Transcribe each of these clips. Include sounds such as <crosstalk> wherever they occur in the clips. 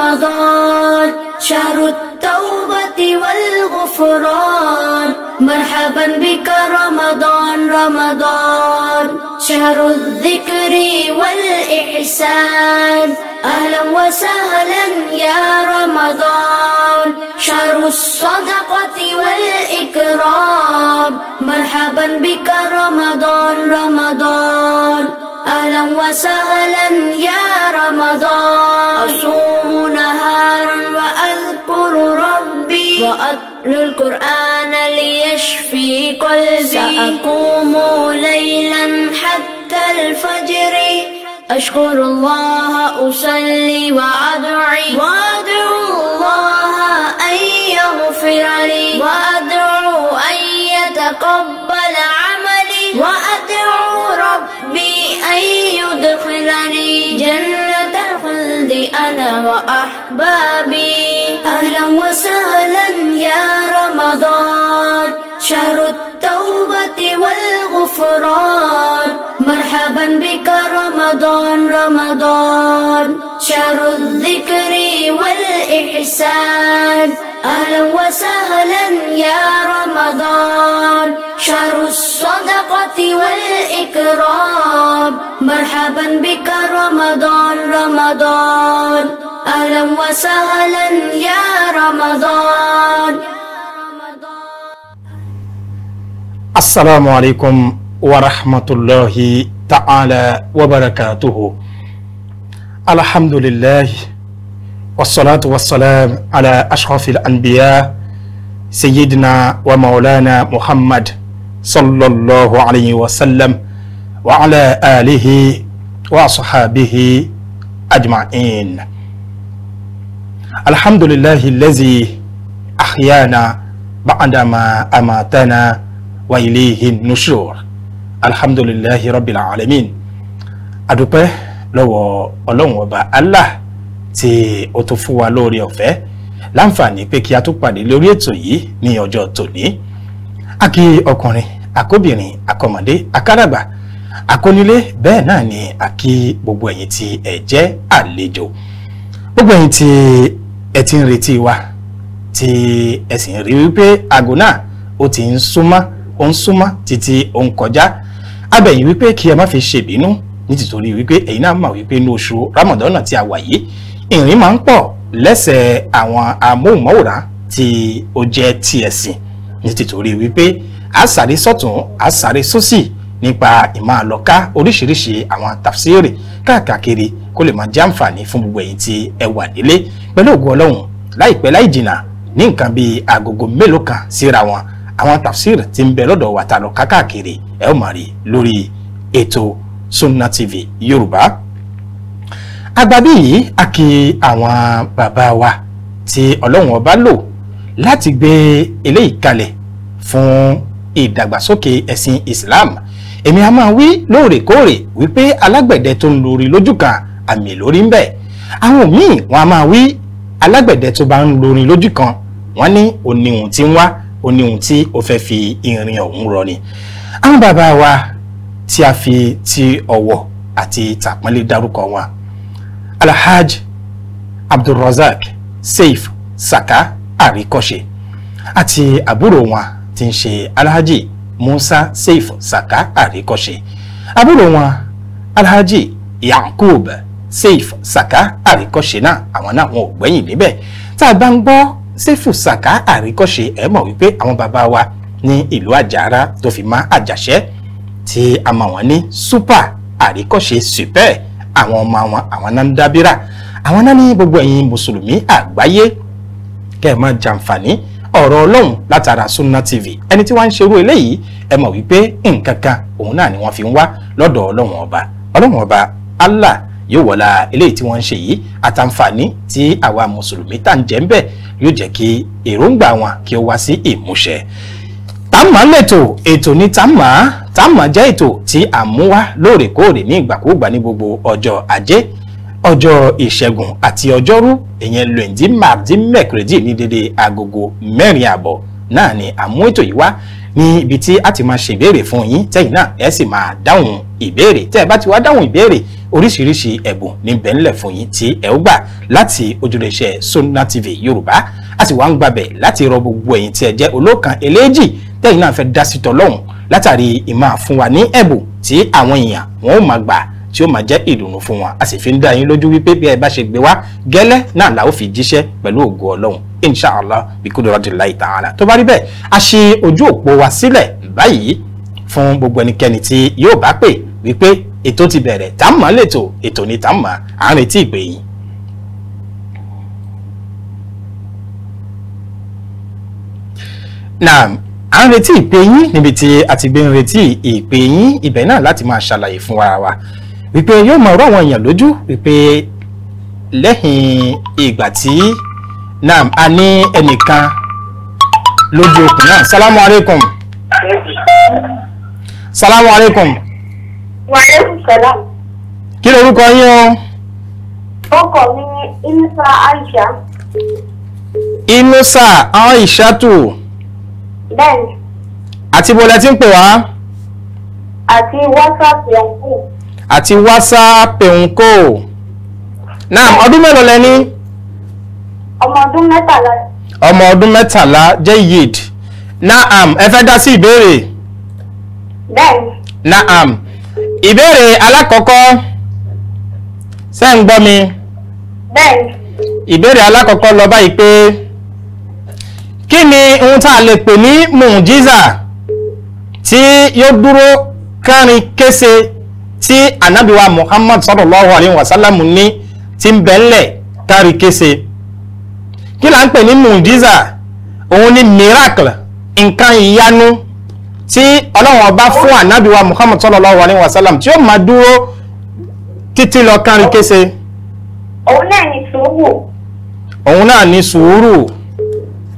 رمضان شهر التوبة والغفران مرحبا بك رمضان رمضان شهر الذكر والإحسان أهلا وسهلا يا رمضان شهر الصدقة والإكرام مرحبا بك رمضان رمضان أهلا وسهلا يا رمضان أصوم نهارا وأذكر ربي وأتلو القرآن ليشفي قلبي سأقوم ليلا حتى الفجر أشكر الله أصلي وأدعي وأدعو الله أن يغفر لي وأدعو أن يتقبل ادخلني جنة الخلد أنا وأحبابي أهلا وسهلا يا رمضان شهر التوبة والغفران مرحبا بك رمضان رمضان شهر الذكر والإحسان أهلا وسهلا يا رمضان شهر الصدقة والإكرام مرحبا بك رمضان رمضان أهلا وسهلا يا رمضان السلام عليكم ورحمة الله تعالى وبركاته الحمد لله والصلاة والسلام على أشرف الأنبياء سيدنا ومولانا محمد صلى الله عليه وسلم وعلى آله وصحابه أجمعين الحمد لله الذي أحيانا بعدما أماتنا وإليه النشور alhamdulilayi rabbil alamin adúpẹ́ lọ́wọ́ ọlọ́run ọba allah tí ó tún fún wa lóore ọ̀fẹ́ láǹfààní pé kí a tún pàdé lórí ètò yìí ní ọjọ́ tòní àkí ọkùnrin àkóbìnrin àkọmọdé àkàràgbà àkónílé bẹ́ẹ̀ náà ni àkí gbogbo ẹ̀yin tí ẹ jẹ́ àlejò gbogbo ẹ̀yin tí ẹ ti ń retí wa tí ẹ sì ń rí wípé àgò náà ó ti ń súnmọ́ ó ń súnmọ́ títí ó ń kọjá abẹ̀yìn wípé kí ẹ má fi ṣèbínú nítorí wípé ẹ̀yin náà mọ̀ wípé inú oṣù Ramadan tí a wà yìí ìrìn máa ń pọ̀ lẹ́sẹ̀ àwọn amóhùnmáwòrán tí ó jẹ́ ti ẹ̀sìn nítorí wípé àsáré sọ́tún àsáré sósì nípa ìmáàlọ́ká oríṣiríṣi àwọn tafsiri káàkiri kó lè máa jẹ́ àǹfààní fún gbogbo ẹ̀yin tí ẹ wà nílé pẹ̀lú ògùn ọlọ́run láìpẹ́ láì jìnnà ní nǹkan bíi agogo mélòó kan síra wọn àwọn tafsir tí ń bẹ lọ́dọ̀ wa ta lọ kákàkiri ẹ ó máa rí lórí ètò Sunna TV Yorùbá agbábí yìí a kí àwọn bàbá wa tí ọlọ́run ọba lò láti gbé eléyìí kalẹ̀ fún ìdàgbàsókè ẹ̀sìn Islam èmi a máa wí lóòrèkóòrè wípé alágbẹ̀dẹ tó ń lórí lójú kan àmì lórí ń bẹ àwọn míì wọn a máa wí alágbẹ̀dẹ tó bá ń lórí lójú kan wọn ní òní ohun tí ń wá ó ní ohun tí ó fẹ́ fi irin ọ̀hún rọ ni àwọn bàbá wa tí a fi ti ọ̀wọ̀ àti tàpọ́nlé dárúkọ wọn alhaji abdulrozak seif saka àríkọ́ṣe àti àbúrò wọn tí ń ṣe alhaji musa seif saka àríkọ́ṣe àbúrò wọn alhaji yankub seif saka àríkọ́ṣe náà àwọn náà wọn ò gbẹ́yìn níbẹ̀ tá a bá ń gbọ́ sífù saka àríkọ́ṣe ẹ̀ mọ̀ wípé àwọn bàbá wa ní ìlú àjàrà tó fi má àjàṣẹ́ tí a mọ̀ wọ́n ní super àríkọ́ṣe super àwọn ọmọ wọn àwọn náà ń dábírà àwọn náà ní gbogbo ẹ̀yin mùsùlùmí àgbáyé kẹ́ ẹ̀ máa jàǹfààní ọ̀rọ̀ ọlọ́run látara Sunna TV ẹni tí wọ́n ń ṣerú eléyìí ẹ mọ̀ wípé nǹkan kan òun náà ni wọ́n fi ń wá lọ́dọ̀ ọlọ́run ọba ọlọ́run ọba Allah yóò wọlá eléyìí tí wọ́n ń ṣe yìí àtàǹfààní tí àwa mùsùlùmí tà ń jẹ ń bẹ̀ yóò jẹ́ kí èròǹgbà wọn kí ó wá sí ìmúṣẹ. Tàmá lẹ́tò ètò ní Tàmá Tàmá jẹ́ ètò tí à ń mú wá lóòrèkóòrè ní ìgbàkúùgbà ní gbogbo ọjọ́ ajé ọjọ́ ìṣẹ́gun àti ọjọ́rú ìyẹn lòdì màdí mẹ́kìrìdì ní dédé agogo mẹ́rin àbọ̀ náà ni àmú ètò yìí wá ní ibi tí a ti máa ṣèbéèrè fún yín tẹ́yìn náà ẹ sì máa dáhùn ìbéèrè tẹ́ ẹ bá ti wá dáhùn ìbéèrè oríṣiríṣi ẹ̀bùn níbẹ̀ ńlẹ̀ fún yín tí ẹ ó gbà láti ojúlẹ̀ṣẹ̀ Sunna TV Yorùbá a sì wá ń gbàbẹ̀ láti rọ gbogbo ẹ̀yin tí ẹ jẹ́ olókan eléjì tẹ́yìn náà fẹ́ dá sí tọ́lọ́hún látàrí ìmáa fún wa ní ẹ̀bùn tí àwọn èèyàn wọn ó máa gbà tí ó máa jẹ́ ìdùnnú fún wọn a sì fi ń dá yín lójú wípé bí ẹ bá ṣe gbé wá gẹ́lẹ́ náà la fi jíṣẹ́ pẹ̀lú ògo ọlọ́run inshallah bí kudratillahi ta'ala tó bá rí bẹ́ẹ̀ a ṣe ojú òpó wa sílẹ̀ báyìí fún gbogbo ẹnikẹ́ni tí yóò bá pè wípé ètò ti bẹ̀rẹ̀ tá a mọ̀ lẹ́tọ̀ ètò ni tá a mọ̀ à ń retí ìpè yín. náà à ń retí ìpè yín níbi tí a ti gbé ń retí ìpè yín ibẹ̀ náà láti máa ṣàlàyé fún wa wa wípé yóò máa rọ àwọn èèyàn lójú wípé lẹ́yìn ìgbà tí náà a ní ẹnìkan lójú okùn náà salamu aleykum salamu aleykum. kí lorúkọ yín o. ọkọ mi ni inusa aisha. inusa aishatu. bẹ́ẹ̀ni. àti bọ́lá tí ń pè wá. àti whatsapp yẹn àti whatsapp nko náà ọdún mélòó lẹ ní. ọmọ ọdún mẹ́tàlá. ọmọ ọdún mẹ́tàlá jẹ́ yid naam ẹ fẹ́ dá sí ìbéèrè. bẹ́ẹ̀ni. naam. ìbéèrè alákọ̀ọ́kọ́ ṣé ń gbọ́ mi. bẹ́ẹ̀. ìbéèrè alákọ̀ọ́kọ́ lọ báyìí pé kí ni ohun tá a lè pè ní mùjíza tí yóò dúró kárin kése tí anabiwa muhammad sallallahu alayhi wa sallam ní ti ń bẹ́ńlẹ̀ kárin kése kí là ń pè ní mùjíza òun ni miracle nǹkan ìyanu tí ọlọ́run ọba fún ànábì wa muhammad sallallahu alayhi wa sallam tí ó máa dúró títí lọ kárin kése. òun náà ní sùúrù. òun náà ní sùúrù.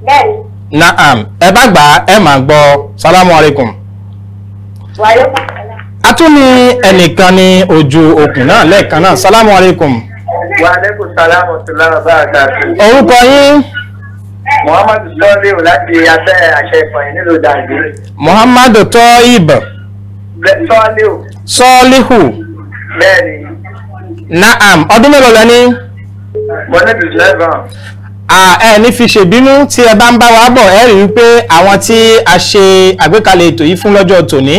bẹ́ẹ̀ni. naam ẹ bá gbà ẹ máa gbọ́ salamu alaykum. wàhálà kàkàlà. a tún ní ẹnìkan ní ojú okùn náà lẹ́ẹ̀kan náà salamu alaykum. wàhálà kàkàlà. orúkọ yín. muhammadu tọ́yìb láti abẹ́ àṣẹ ìfọ̀yín nílùú dàgbé. muhammadu tọ́yìb. sọ́ọ́líhù. sọ́ọ́líhù. bẹ́ẹ̀ni. naam ọdún mélòó lẹ́ni. mo ní bìtì lẹ́gbọ̀n ẹ ní fi ṣèbínú tí ẹ bá ń bá wa bọ̀ ẹ rí wípé àwọn tí a ṣe àgbékalẹ̀ ètò yìí fún lọ́jọ́ tòní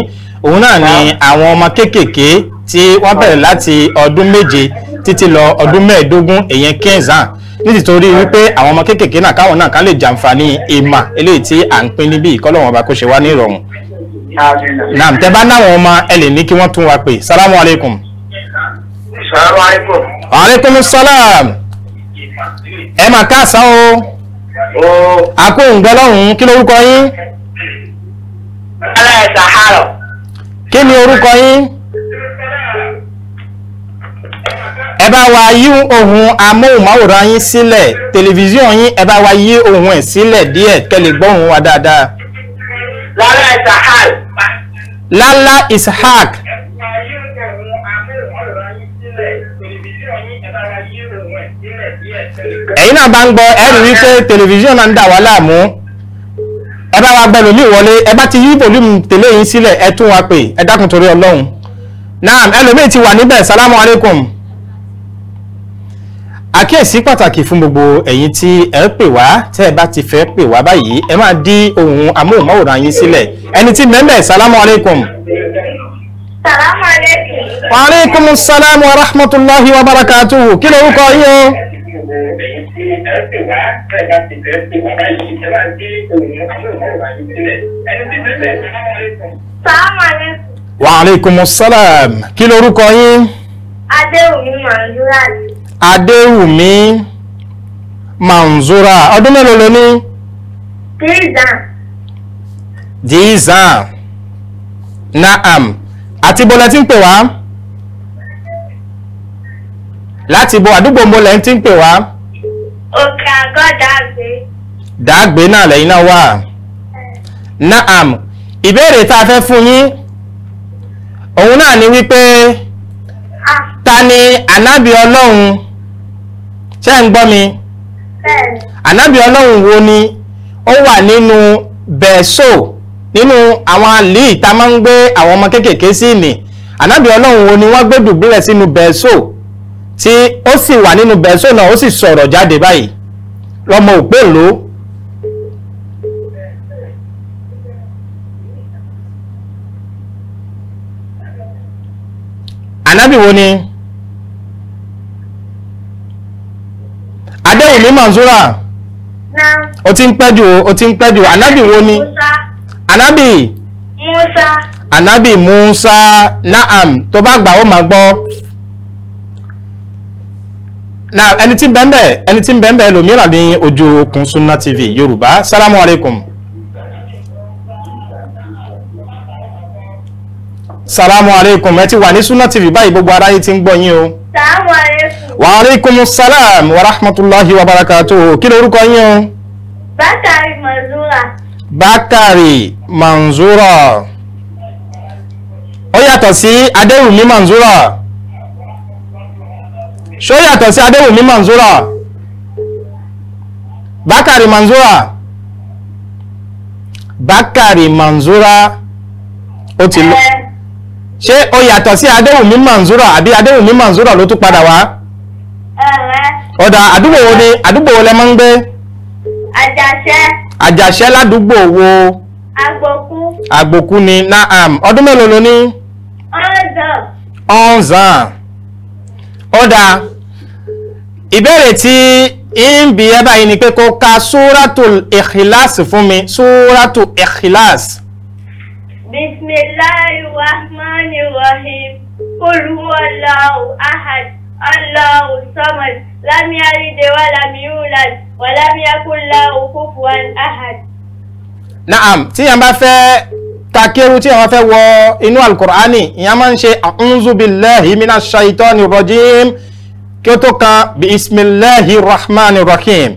òun náà ni àwọn ọmọ kéékèèké tí wọ́n bẹ̀rẹ̀ láti ọdún méje títí lọ ọdún mẹ́ẹ̀ẹ́dógún èèyàn quinze ans nítorí wípé àwọn ọmọ kéékèèké náà káwọn náà ká lè jàǹfààní ìmà eléyìí tí à ń pín níbí ìkọlọ́wọ́n ọba kó ṣe wá ní ìrọ̀rùn. naam tẹ bá náwọn ọmọ ẹ lè ní kí wọ́n tún wa pè salamu aleykum. salamu aleykum. aleykum salaam. ẹ máa káàsán o. àpò ìgbọ́lọ́hún kí lórúkọ yín. aláìsàn àárọ̀. kí ni orúkọ yín. ẹ bá wa yí ohun amóhùnmáwòrán yín sílẹ̀ tẹlifíṣọ̀n yín ẹ bá wa yí ohun ẹ̀ sílẹ̀ díẹ̀ kẹ́lẹ̀ gbóhùn wa dáadáa. lálá ishaq. lálá ishaq. ẹ̀yin náà bá ń gbọ́ ẹ̀rù wípé tẹlifíṣọ̀n náà ń dà wá láàmú ẹ bá wa gbẹlú mi wọlé ẹ bá ti yí volume tẹ̀lé yín sílẹ̀ ẹ tún wa pè ẹ dákun torí ọlọ́run náà ẹlòmíì ti wà níbẹ̀ salamu alaykum àkíyèsí pàtàkì fún gbogbo ẹ̀yin tí ẹ ń pè wá tẹ́ ẹ bá ti fẹ́ pè wá báyìí ẹ máa dí ohun amóhùnmáwòrán yín sílẹ̀ ẹni tí mẹ́mẹ́ sálámù aleykum. sálámù aleykum. wa aleykum sálámù wa rahmatulahi wa barakatuhu kí ló ń kọ yín o. sálámù aleykum. wa aleykum sálámù kí lórúkọ yín. adéwùmí manzurani. adéwùmí manzura ọdún mélòó ló ní. díìzàn. díìzàn naam àti bọ́lá tí ń pè wá láti bo àdúgbò mọ́lẹ̀ tí ń pè wá. òkè àgọ́ dàgbé. dàgbé náà lẹ́yìn náà wà. naam ìbéèrè tá a fẹ́ fún yín òun náà ni wípé ah. ta ni Anabi ọlọ́run. ṣé ń gbọ́ mi ànábì ọlọ́run wo ni ó wà nínú bẹ̀ẹ́sò nínú àwọn àlè ìta máa ń gbé àwọn ọmọ kéékèèké sí ìní ànábì ọlọ́run wo ni wọ́n gbé dùbúlẹ̀ sínú bẹ̀ẹ́sò tí ó sì wà nínú bẹ̀ẹ́sò náà ó sì sọ̀rọ̀ jáde báyìí lọ́mọ òpèlú ànábì wo ni. adéwùmí manzura o ti ń pẹ́jù o ti ń pẹ́jù Anabi. wo ni ànábì musa ànábì musa naam tó bá gbà ó máa gbọ́ na ẹni tí ń bẹ́ẹ̀ ẹni tí ń bẹ́ẹ̀ lòmíràn ní ojú okùn Sunna TV yorùbá Salamu aleykum. Salamu aleykum ẹ ti wà ní Sunna TV báyìí gbogbo aráyé ti ń gbọ́ yín o wa alaikum salam wa rahmatulahi wa barakatuhu kí ló orúkọ yín o. bákàrí manzura. bákàrí manzura ó yàtọ̀ sí adéwùmí manzura ṣó yàtọ̀ sí adéwùmí manzura bákàrí manzura bákàrí manzura ó ti lọ. Eh ṣé o yàtọ̀ sí adéwùmí manzura àbí adéwùmí manzura ló tún padà wá. ọ̀dà àdúgbò wo ni àdúgbò wo lẹ máa ń gbé. àjàṣẹ́. àjàṣẹ́ ládùúgbò wo. àgbòkú. àgbòkú ni naam ọdún mélòó ló ní. ọ̀nzàn. ọ̀nzàn. ọ̀dà ìbéèrè tí ń bi ẹ báyìí ni pé kó ka súrátù ìkìláàsì fún mi súrátù ìkìláàsì. بسم الله الرحمن الرحيم قل هو الله أحد الله الصمد لم يلد ولم يولد ولم يكن له كفوا أحد naam tí yàn bá fẹ́ ka kéwú tí yàn fẹ́ wọ inú alukur'ani ìyàn a'udhu billahi minash shaitani rajim kí ó tó kan bisimilahi rahman rahim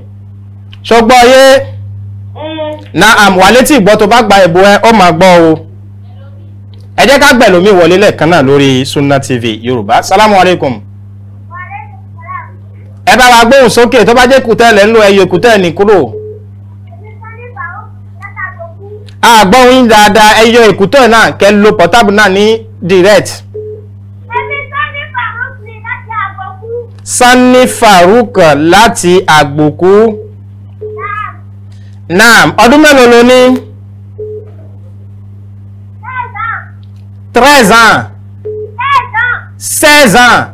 ṣọgbọ́n yé mm. naam wà létí ìgbọ́ tó bá gba ìbò ẹ ó máa gbọ́ o ẹ jẹ́ ká gbẹ̀ lómi wọlé lẹ́ẹ̀kan náà lórí Sunna TV Yorùbá salamu alaykum. ẹ bá wa gbóhùn sókè tó bá jẹ́ kùtẹ́ lẹ́ ń lo ẹyọ kùtẹ́ ní kúrò. àgbọ̀n yín dáadáa ẹyọ ìkùtẹ́ náà kẹ́ lo portable náà ní direct. Sanni Farouk láti Àgbòkú. naam ọdún mélòó ló ní. treize ans. seize ans.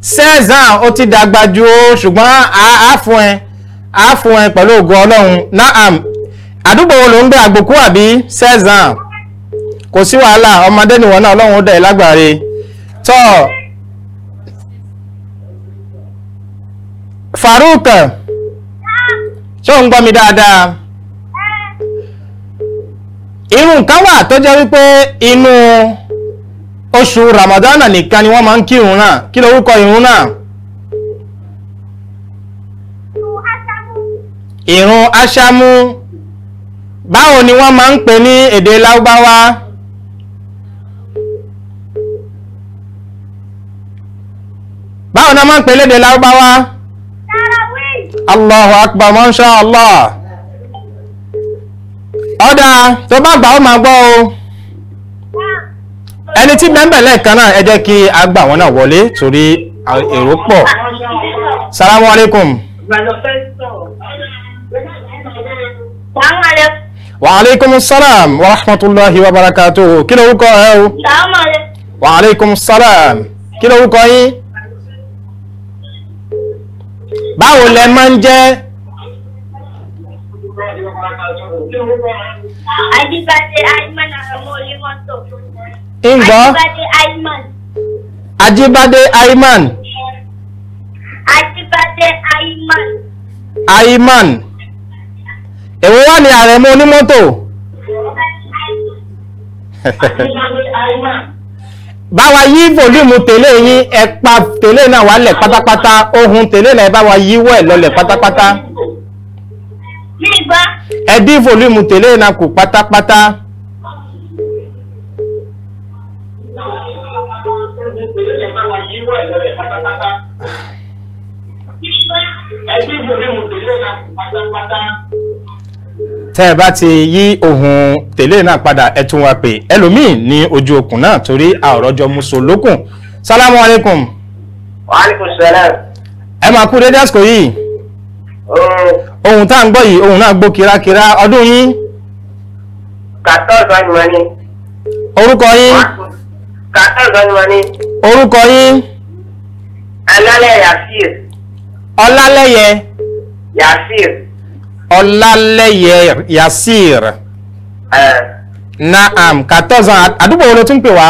seize ans ó ti dàgbà jù o ṣùgbọ́n àá fún ẹ àá fún ẹ pẹ̀lú ògo ọlọ́run naam àdúgbò wo ló ń gbé àgbòkú àbí seize ans kò sí wàhálà ọmọdé nìwọ̀n náà ọlọ́run ó dẹ̀ lágbàre tọ́ Farouk ṣé ò ń gbọ́ mi dáadáa irú nǹkan wà tó jẹ́ wípé inú oṣù ramadana nìkan ni wọ́n máa ń kírun náà kí lorúkọ irun náà irun aṣámú báwo ni wọ́n máa ń pè ní èdè láúbáwá báwo ni wọ́n máa ń pè lédè láúbáwá Allahu akbar masha Allah ọ̀dà tó bá gbà ó máa gbọ́ o ẹni tí bẹ́ẹ̀ lẹ́ẹ̀kan náà ẹ jẹ́ kí a gbà wọ́n náà wọlé torí èrò pọ̀ salamu alaikum. wa alaikum salam wa rahmatulahi wa barakatuhu kí ló wúkọ ẹ o. wa alaikum salam kí ló wúkọ yín. báwo lẹ máa ń jẹ́ Ajibade Aiman Aramo Olimoto. Ǹgbọ́. Ajibade Aiman. Ajibade Aiman. Ajibade Aiman. Aiman. Èwo wà ní Aremo Onímọ́tò? <laughs> Báwa yí fòlùmù tèlé yín ẹ̀pa tèlé náà wálẹ̀ pátápátá, ohun tèlé náà ẹ bá wa yíwọ́ ẹ̀ lọlẹ̀ pátápátá ẹ dín fòlímù tèlé náà kù pátápátá. tẹ́ ẹ bá ti yí ohun tèlé náà padà ẹ tún wá pé ẹlòmíì ní ojú okùn náà torí àọ̀rọ̀jọ musu lókùn sálámù aleykum. wa aleykum salaam. ẹ máa kú dédé àsìkò yìí ohun tá à ń gbọ́ yìí ohun náà gbó kírakíra ọdún yín. kàtọ́ọ̀sì ànìmọ́ ni. orúkọ yín. kàtọ́ọ̀sì ànìmọ́ ni. orúkọ yín. ọlálẹ́yẹ yasir. ọlálẹ́yẹ. yasir. ọlálẹ́yẹ yasir. naam kàtọ́ọ̀sì àdúgbò wo ló tún pè wá.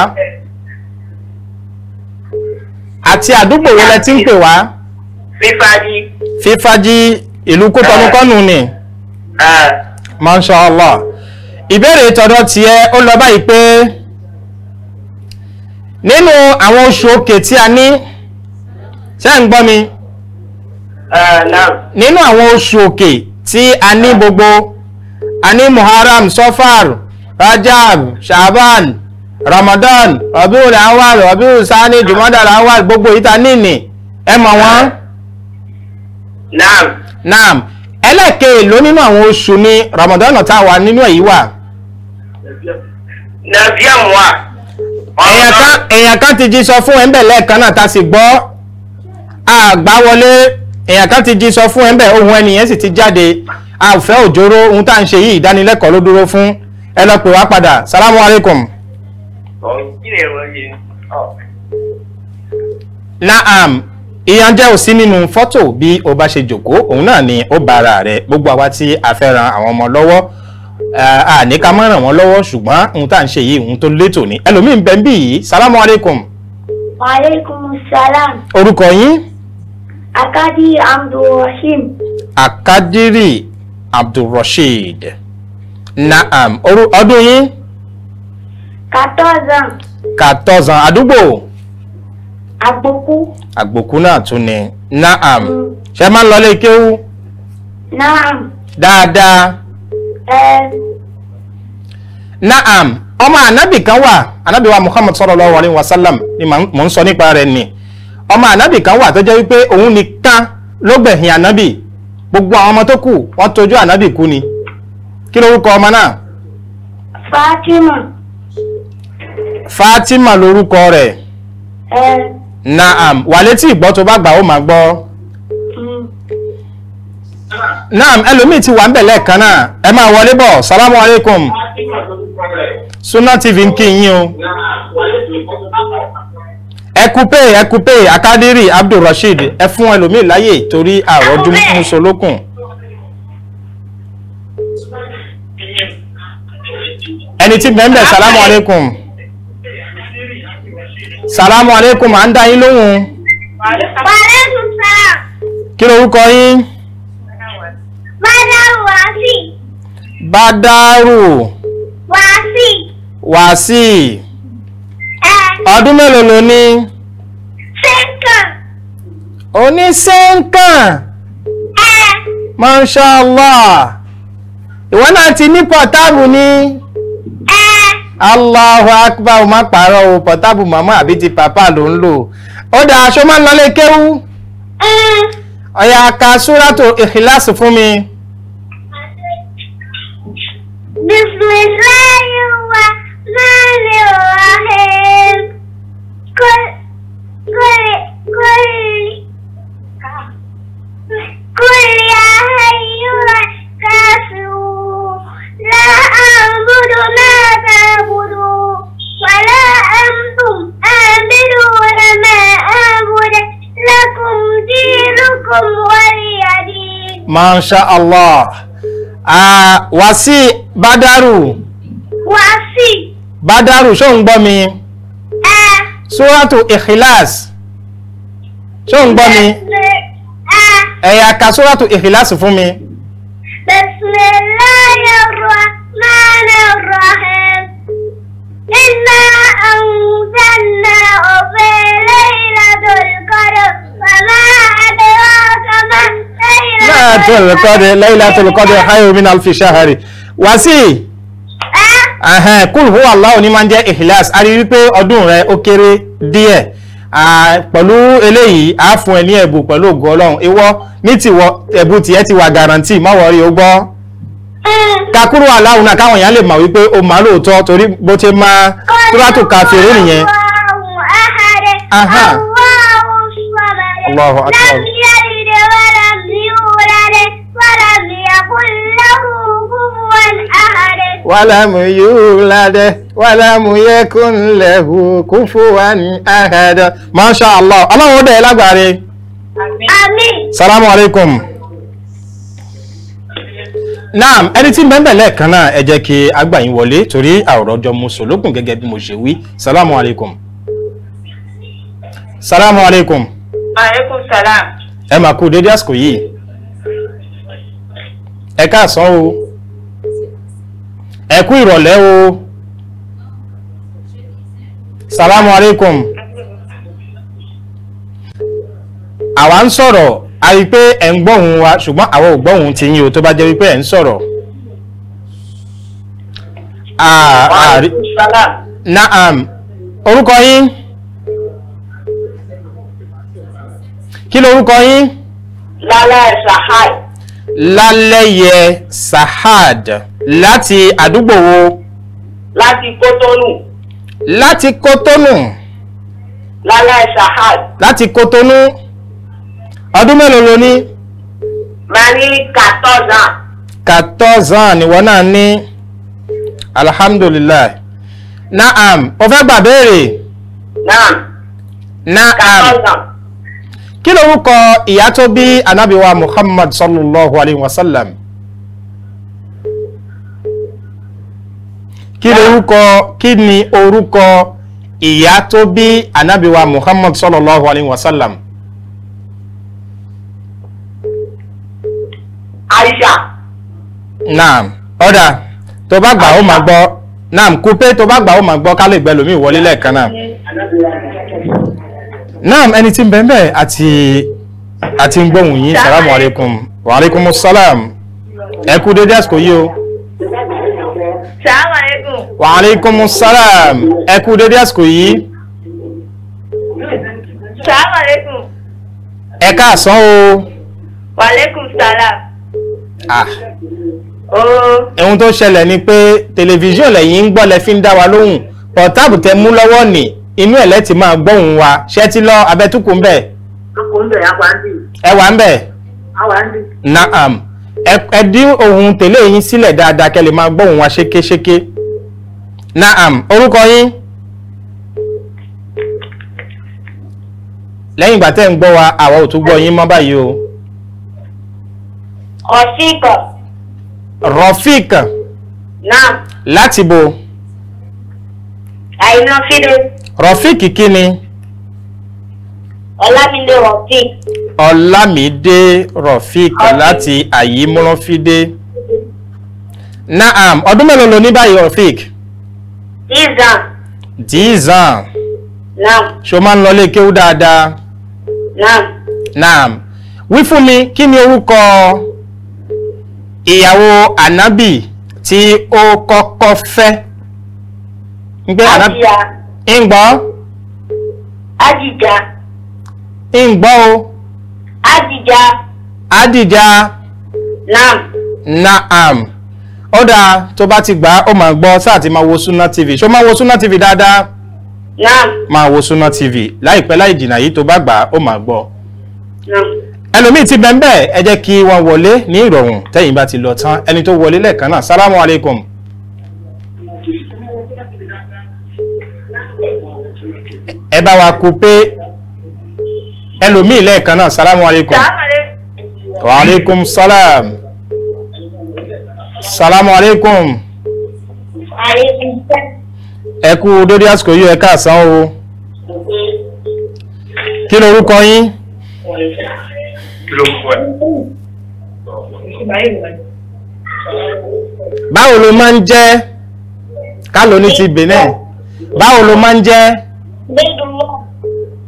àti àdúgbò wo lẹ ti ń pè wá. fífájí. fífájí. ìlú kótanú eh. kọ́nù ni eh. masha allah ìbéèrè tọ̀dọ̀ tiẹ̀ ó lọ báyìí pé nínú àwọn oṣù òkè tí a ní ṣé ń gbọ́ mi eh, nínú àwọn oṣù òkè tí a ní gbogbo a ní muharram sofar rajab shaban ramadan rabiul awal rabiul sani jumadal awal gbogbo ìta ní ni ẹ mọ̀ wọ́n. naam ẹlẹ́ẹ̀kẹ́ èló nínú àwọn oṣù ni Ramadan tá a wà nínú èyí wà. nàbíàm wà. èèyàn kan ti jí sọ fún ẹ ń bẹ̀ lẹ́ẹ̀kan náà tá a sì gbọ́ àgbáwọlé èèyàn kan ti jí sọ fún ẹ ń bẹ̀ ohun ẹnìyẹn sì ti jáde àfẹ́ òjòrò ohun tá à ń ṣe yìí ìdánilẹ́kọ̀ọ́ ló dúró fún ẹ lọ pè wá padà salamu alaykum. ọ̀hún kí ni ẹ̀rọ yìí. naam ìyànjẹ ò sí nínú fọ́tò bí o bá ṣe jòkó òun náà ni ó bá ara rẹ gbogbo àwa tí a fẹ́ ran àwọn ọmọ lọ́wọ́ àní ká má ràn wọ́n lọ́wọ́ ṣùgbọ́n ohun tá à ń ṣe yìí ohun tó létò ni ẹlòmíì ń bẹ ń bí yìí salamu aleykum. aleykum salam. orúkọ yín. akadiri abdulrasheed. akadiri abdulrasheed naam ọdún yín. katọ́zan. katọ́zan àdúgbò. àgbòkú àgbòkú náà tún ni naam ṣe máa ń lọ lé kéwú. naam. dáadáa. naam ọmọ anabi kan wà ànábì wa muhammad sallallahu alayhi wa sallam ni mò ń sọ nípa rẹ̀ ni ọmọ ànábì kan wà tó jẹ́ wípé òun nìkan ló gbẹ̀yìn ànábì gbogbo àwọn ọmọ tó kù wọ́n tọ́jú ànábì kú ni kí lorúkọ ọmọ náà. fatima. fatima lorúkọ rẹ̀. Eh naam wà létí ìgbọ́ tó bá gbà ó máa gbọ́ naam ẹlòmíì ti wà ń bẹ̀ lẹ́ẹ̀kan náà ẹ máa wọlé bọ̀ salamu aleykum Sunna TV ń kí yín o ẹkùpé ẹkùpé akadiri abdulrasheed ẹ fún ẹlòmíì láyè torí àròjú musolókun. ẹni tí bẹ́ẹ̀ ń bẹ̀ salamu aleykum salamu aleykum à ń dá yín lóhùn. wàlẹ́kùn sáà. kí lorúkọ yín. bàdàrú wàásì. bàdàrú. wàásì. wàásì. ọdún mélòó ló ní. sẹ́ńkàn. ó ní sẹ́ńkàn. ẹ. masha allah ìwọ náà ti ní pọ̀táàbù ni. Allahu akbar má pààrọ̀ o Portable màmá àbí ti pàpà ló ń lò ó dáa aṣọ máa ń lọ lé kéwú. Ah. ọ̀yà ka súrátù Ikhlas fún mi. bisimilayi wa lórí ọ̀hìn kúrì kúrì kúrì ahayuwa káfíù la àbúrò náà. تعبدوا ولا أنتم عابدون ما أعبد لكم دينكم ولي دين ما شاء الله آه وسي بدروا وسي badaru ṣó ń gbọ́ mi ṣúrátù ìkìláàs ṣó ń gbọ́ mi ẹ̀yà ka ṣúrátù ìkìláàs fún mi. bismillahir rahmanir rahim. lailatul qadr lailatul qadr khairu min alfi shahari wàsí kul huwa Allahu ní máa ń jẹ́ ikhlas a rí wípé ọdún rẹ ó kéré díẹ̀ pẹ̀lú eléyìí a fún ẹ ní ẹ̀bù pẹ̀lú ògo ọlọ́run ìwọ ní tìwọ ẹ̀bù tiẹ̀ ti wà guarantee mọ́wọ́ rí o gbọ́ hmm. kakuru aláwọ̀ náà káwọn èèyàn lè mọ̀ wípé o máa lóòótọ́ torí bó ṣe máa túrátù kàfèrè nìyẹn. Allahu akbar. ولم يولد ولم يكن له كفوا أحد ما شاء الله الله ودي لا غاري آمين السلام عليكم naam ẹni tí bẹ́ẹ̀ bẹ́ẹ̀ kan náà ẹ jẹ́ kí agbà yín wọlé torí àwòrán ọjọ́ gẹ́gẹ́ bí mo ṣe wí salamu alaykum. salamu alaykum. aleykum salam. ẹ máa kú dédé àsìkò yìí ẹ o. ẹ kú ìrọ̀lẹ́ o salamu alaikum àwa ń sọ̀rọ̀ a rí pé ẹ̀ ń gbọ́hùn wa ṣùgbọ́n àwa ò gbọ́hùn ti yín o tó bá jẹ́ wípé ẹ̀ ń sọ̀rọ̀ naam orúkọ yín kí lorúkọ yín. lálẹ́ ṣàhàì lálẹ́yẹ sahad láti àdúgbò wo. láti kótónù. láti kótónù. lálẹ́ sahad. láti kótónù. ọdún mélòó lo ní. màá ní quatorze ans. quatorze ans ni wọ́n náà ní alhamdulilayi naam o fẹ́ gbà béèrè. naam. naam. quatorze kí lorúkọ ìyá tó bí anábìwa muhammad sallallahu alayhi wa sallam kí lorúkọ kí ni orúkọ ìyá tó bí anábìwa muhammad sallallahu alayhi wa sallam. aisha. naam ọ̀dà tó bá gbà ó máa gbọ́ naam kúpé tó bá gbà ó máa gbọ́ ká lè gbẹ lómi ìwọlé lẹ́ẹ̀kan náà naam ẹni tí ń bẹ́ẹ̀ bẹ́ẹ̀ àti àti ń gbóhùn yín salamu aleykum wa aleykum salam ẹ kú dédé àsìkò yìí o. salamu aleykum. wa aleykum salam ẹ kú dédé àsìkò yìí. salamu aleykum. ẹ káàsán o. wa aleykum salam. ah ohun tó ṣẹlẹ̀ ni pé tẹlifíṣọ̀n lẹ́yìn ń gbọ́ lẹ fi ń dá wa lóhùn pọ̀táàbù tẹ mú lọ́wọ́ ni inú ẹ̀ lẹ́tì máa gbóhùn wa ṣé ti lọ abẹ́túkù ń bẹ̀. tukù ń bẹ̀ àwa ń bì. ẹ wà ń bẹ̀. àwa ń bì. naam ẹ ohun tèlé yín sílẹ̀ dáadáa kẹ́ máa gbóhùn wa ṣékéṣéké. naam orúkọ yín. lẹ́yìn ìgbà tẹ́ ń gbọ́ wa àwa ò tún gbọ́ yín mọ́ báyìí o. rọfíkà. rọfíkà. naam. láti bo. àìlọ́fídé. Rọfik kini? Olamide Rọfik. Olamide Rọfik lati Àyímúránfídé. Naam, na am ló ní báyìí Rọfik? Dízàn. Dízàn. Naam. Ṣo máa ń lọ lé kéwú dáadáa? Naam. Naam. Wí fún mi, kí ni orúkọ Anabi ti o ó fe, fẹ́? Anabi. ń Adija. ń o. Adija. Adija. Naam. Naam. Ó dáa tó bá ti gbà ó máa gbọ́ sáà ti máa wo Sunna TV. Ṣé o wo Sunna TV dada Naam. Máa wo Sunna TV. Láìpẹ́ láì jìnnà yìí tó bá gbà ó máa gbọ́. Naam. Ẹlòmíì ti bẹ́ẹ̀ bẹ́ẹ̀ ẹ jẹ́ kí wọ́n wọlé ní ìrọ̀rùn tẹ́yìn bá ti lọ tán ẹni tó wọlé lẹ́ẹ̀kan náà. Sálámù aleykum. ẹ bá wa kó pé ẹlòmíì lẹ́ẹ̀kan náà salamu alaikum wa alaikum salam salamu alaikum ẹ kú dédé àsìkò yìí ẹ káàsán o kí lorúkọ yín báwo ló máa ń jẹ́ ká ló ní ti Benin báwo ló máa ń jẹ́. Bidullah.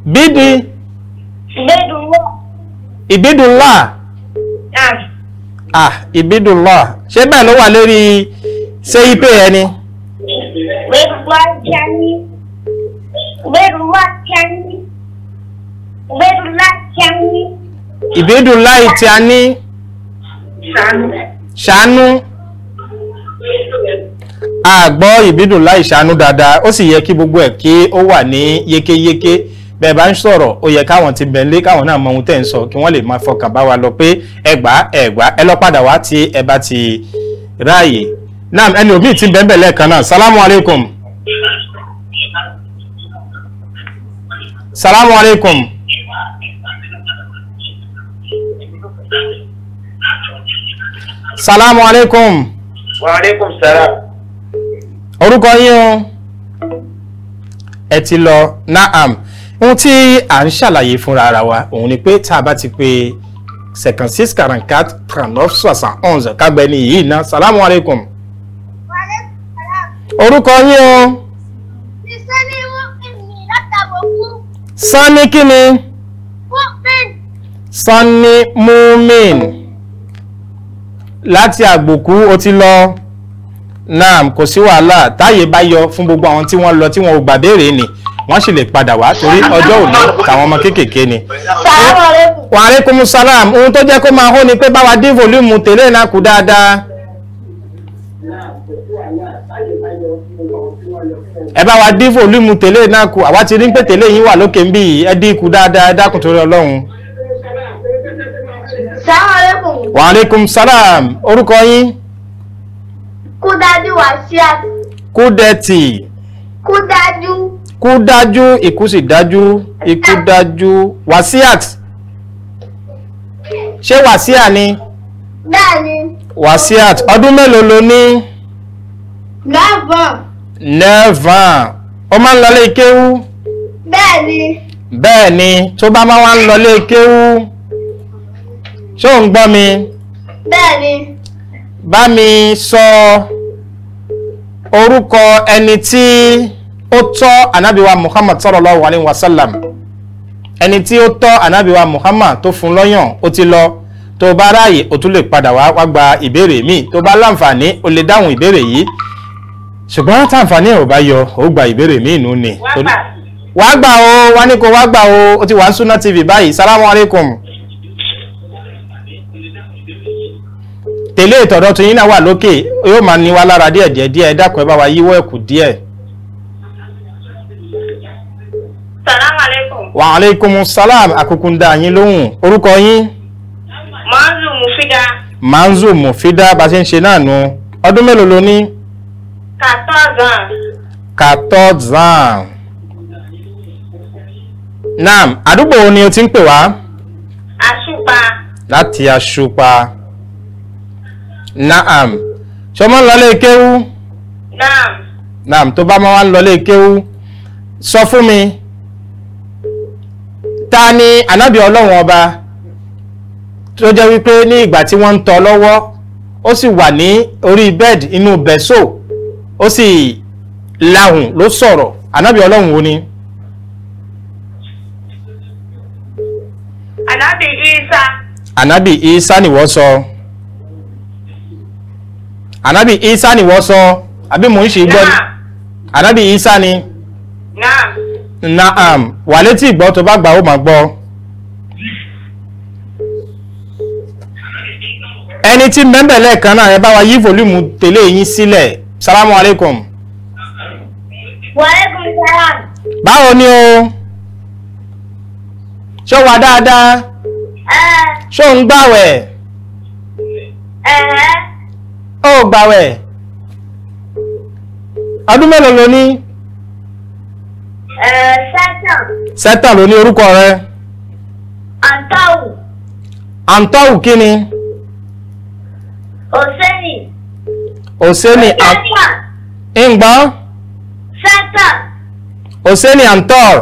Bidi. Bidullah. Ah. Ah, Ibidullah. Ṣé bẹ́ẹ̀ ló wà lórí ṣé ipe ẹ ni? Bidullah Jani. Bidullah Jani. Bidullah Jani. Ibidullah Jani. Ṣàánú. Ṣàánú a gbọ́ ìbídùn láì ṣàánú dáadáa ó sì yẹ kí gbogbo ẹ̀ kí ó wà ní yékéyéké bẹ́ẹ̀ bá ń sọ̀rọ̀ ó yẹ káwọn ti bẹ̀ẹ́lé káwọn náà mọ ohun tẹ̀ ń sọ kí wọ́n lè máa fọkàn bá wa lọ pé ẹgbàá ẹgbàá ẹ lọ padà wá tí ẹ bá ti ráàyè. naam ẹni òbí ti bẹ́ẹ̀ bẹ́ẹ̀ lẹ́ẹ̀kan náà salamu alaykum. salamu alaykum. salamu alaykum. wa aleykum salaam orúkọ yín ẹ ti lọ naam ohun tí à ń ṣàlàyé fúnra ara wa òun ni pé tá a bá ti pe cinquante six quarante quatre trente neuf onze kágbẹ́ni yìí ná salamu aleykum. orúkọ yín o. sísẹ́ni mọ́kìnì látàbọ̀kú. sani kíni. mọ́kìn. sani mumin láti àgbòkú o ti lọ. naam kò sí wàhálà táyé bá yọ fún gbogbo àwọn tí wọ́n lọ tí wọ́n ò gbà béèrè ni wọ́n sì lè padà wá torí ọjọ́ òní tàwọn ọmọ kéékèèké ni. wa alaikum salam ohun tó jẹ́ kó máa hó ni pé báwa dín fòlíùmù tèlé náà kù dáadáa. ẹ bá wa dín fòlíùmù tèlé náà kù àwa ti rí pé tèlé yín wà lókè ń bì í ẹ dín kù dáadáa ẹ dákun torí ọlọ́run. wa alaikum salam orúkọ yín. Kúdájú Wasiat. Kúdẹ̀tì. Kúdájú. Kúdájú ikú sì dájú ikú dájú Wasiat. Ṣé Wasiat ni? Bẹ́ẹ̀ni. Wasiat ọdún mélòó ló ní? Never. Never. Ó máa ń lọ lé kéwú? Bẹ́ẹ̀ni. Bẹ́ẹ̀ni tó bá máa ń lọ lé kéwú. Ṣé ò ń gbọ́ mi? Bẹ́ẹ̀ni bá mi sọ orúkọ ẹni tí ó tọ́ ànábìwá muhammad sallallahu alayhi wa sallam ẹni tí ó tọ́ ànábìwá muhammad tó fún lọ́yàn ó ti lọ tó bá ráàyè ó tún lè padà wá wá gba ìbéèrè míì tó bá láǹfààní ó lè dáhùn ìbéèrè yìí ṣùgbọ́n táǹfààní ẹ̀ ò bá yọ ó gba ìbéèrè míì nù ni. wàá gbà o wá ní kó wá gbà o ó ti wà ń Sunna TV báyìí salamu alaykum. tẹ̀lé ìtọ̀dọ̀ tí yín náà wà lókè yóò máa ní wa lára díẹ̀ díẹ̀ díẹ̀ dákun ẹ bá yíwọ́ ẹ̀kú díẹ̀. salaamaleykum. wa aleykum salaam akukunda yín lóhùn orúkọ yín. manzu mufida. manzu mufida bá a ṣe ń ṣe náà nu ọdún mélòó ló ní. quatorze. quatorze. naam àdúgbò wo ni o ti ń pè wá. àṣùpá. láti àṣùpá. Naam. Ṣọmọ ń lọlé ekewu? Naam. Naam to ba máa wá ń lọlé kéwú. Sọ fún mi. Ta ni anabi ọlọ́run ọba tó jẹ́ wípé ní ìgbà tí wọ́n ń tọ́ lọ́wọ́ ó sì wà ní orí bẹ́ẹ̀dì inú bẹ́sò ó sì lahùn ló sọ̀rọ̀ anabi ọlọ́run wo ni. anabi Isa. anabi Isa ni wọ́n sọ. So. Anabi isa ni abimu sọ àbí mò ń ṣe gbọ́ ànábì isa ni. naam wà létí ìgbọ́ tó bá gbà ó máa gbọ́. ẹni tí mẹ́mbẹ̀ lẹ́ẹ̀kan náà ẹ bá wa yí fòlùmù tẹ̀lé yín sílẹ̀ salamu aleykum. wa aleykum salaam. báwo ni o ṣé wà dáadáa ṣé ò ń gbàwẹ̀. ó gbàwẹ̀ ọdún mélòó ló ní. sẹ́tàn. sẹ́tàn ló ní orúkọ rẹ. antawu. antawu kí ni. oseni. oseni an. ǹgbọ́. sẹ́tàn. oseni antor.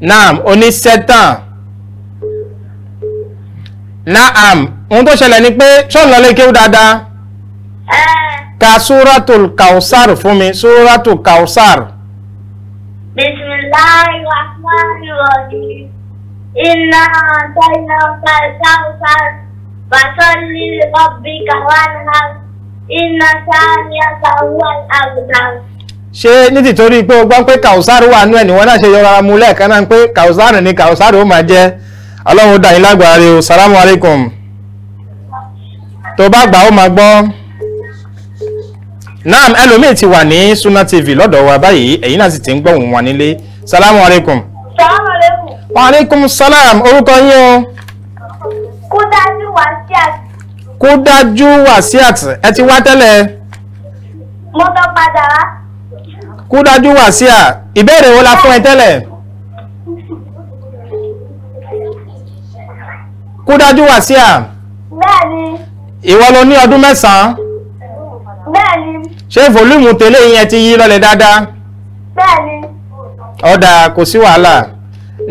naam oní sẹ́tàn. naam. ohun tó ṣẹlẹ̀ ni pé ṣọ́ọ̀n lọ lé kéwú dáadáa eh. ka suratul kausar fún mi suratul kausar. bisimilahi rahmani rahim inna àtàlà kausar fasalli rabbika wanhar inna saniyaka huwal abtar ṣé ní tìtorí pé o gbọ́ pé kàùsárì wà nú ẹ̀ níwọ́n náà ṣe yọra mu lẹ́ẹ̀kan náà pé kàùsárì ni kàùsárì ó máa jẹ́ ọlọ́run dàní lágbára rẹ o salamu alaykum tó bá gbà ó máa gbọ́ naam ẹlòmíì ti wà ní Sunna TV lọ́dọ̀ wa báyìí ẹ̀yin náà sì ti ń gbọ́ òun wà nílé salamu aleykum. salamu aleykum. wa aleykum salam orúkọ yín o. kúdájú wàsíàt. kúdájú wàsíàt ẹ ti wá tẹ́lẹ̀. mo tọ́ padà wá. kúdájú wàsíà ìbéèrè wo la fún ẹ tẹ́lẹ̀. kúdájú wàsíà. bẹ́ẹ̀ ni ìwọ ló ní ọdún mẹ́sàn-án. bẹ́ẹ̀ni. ṣé fòlúùmù tẹ́lẹ̀ yẹn ti yí lọ́lẹ̀ dáadáa. bẹ́ẹ̀ni. ọ̀dà kò sí wàhálà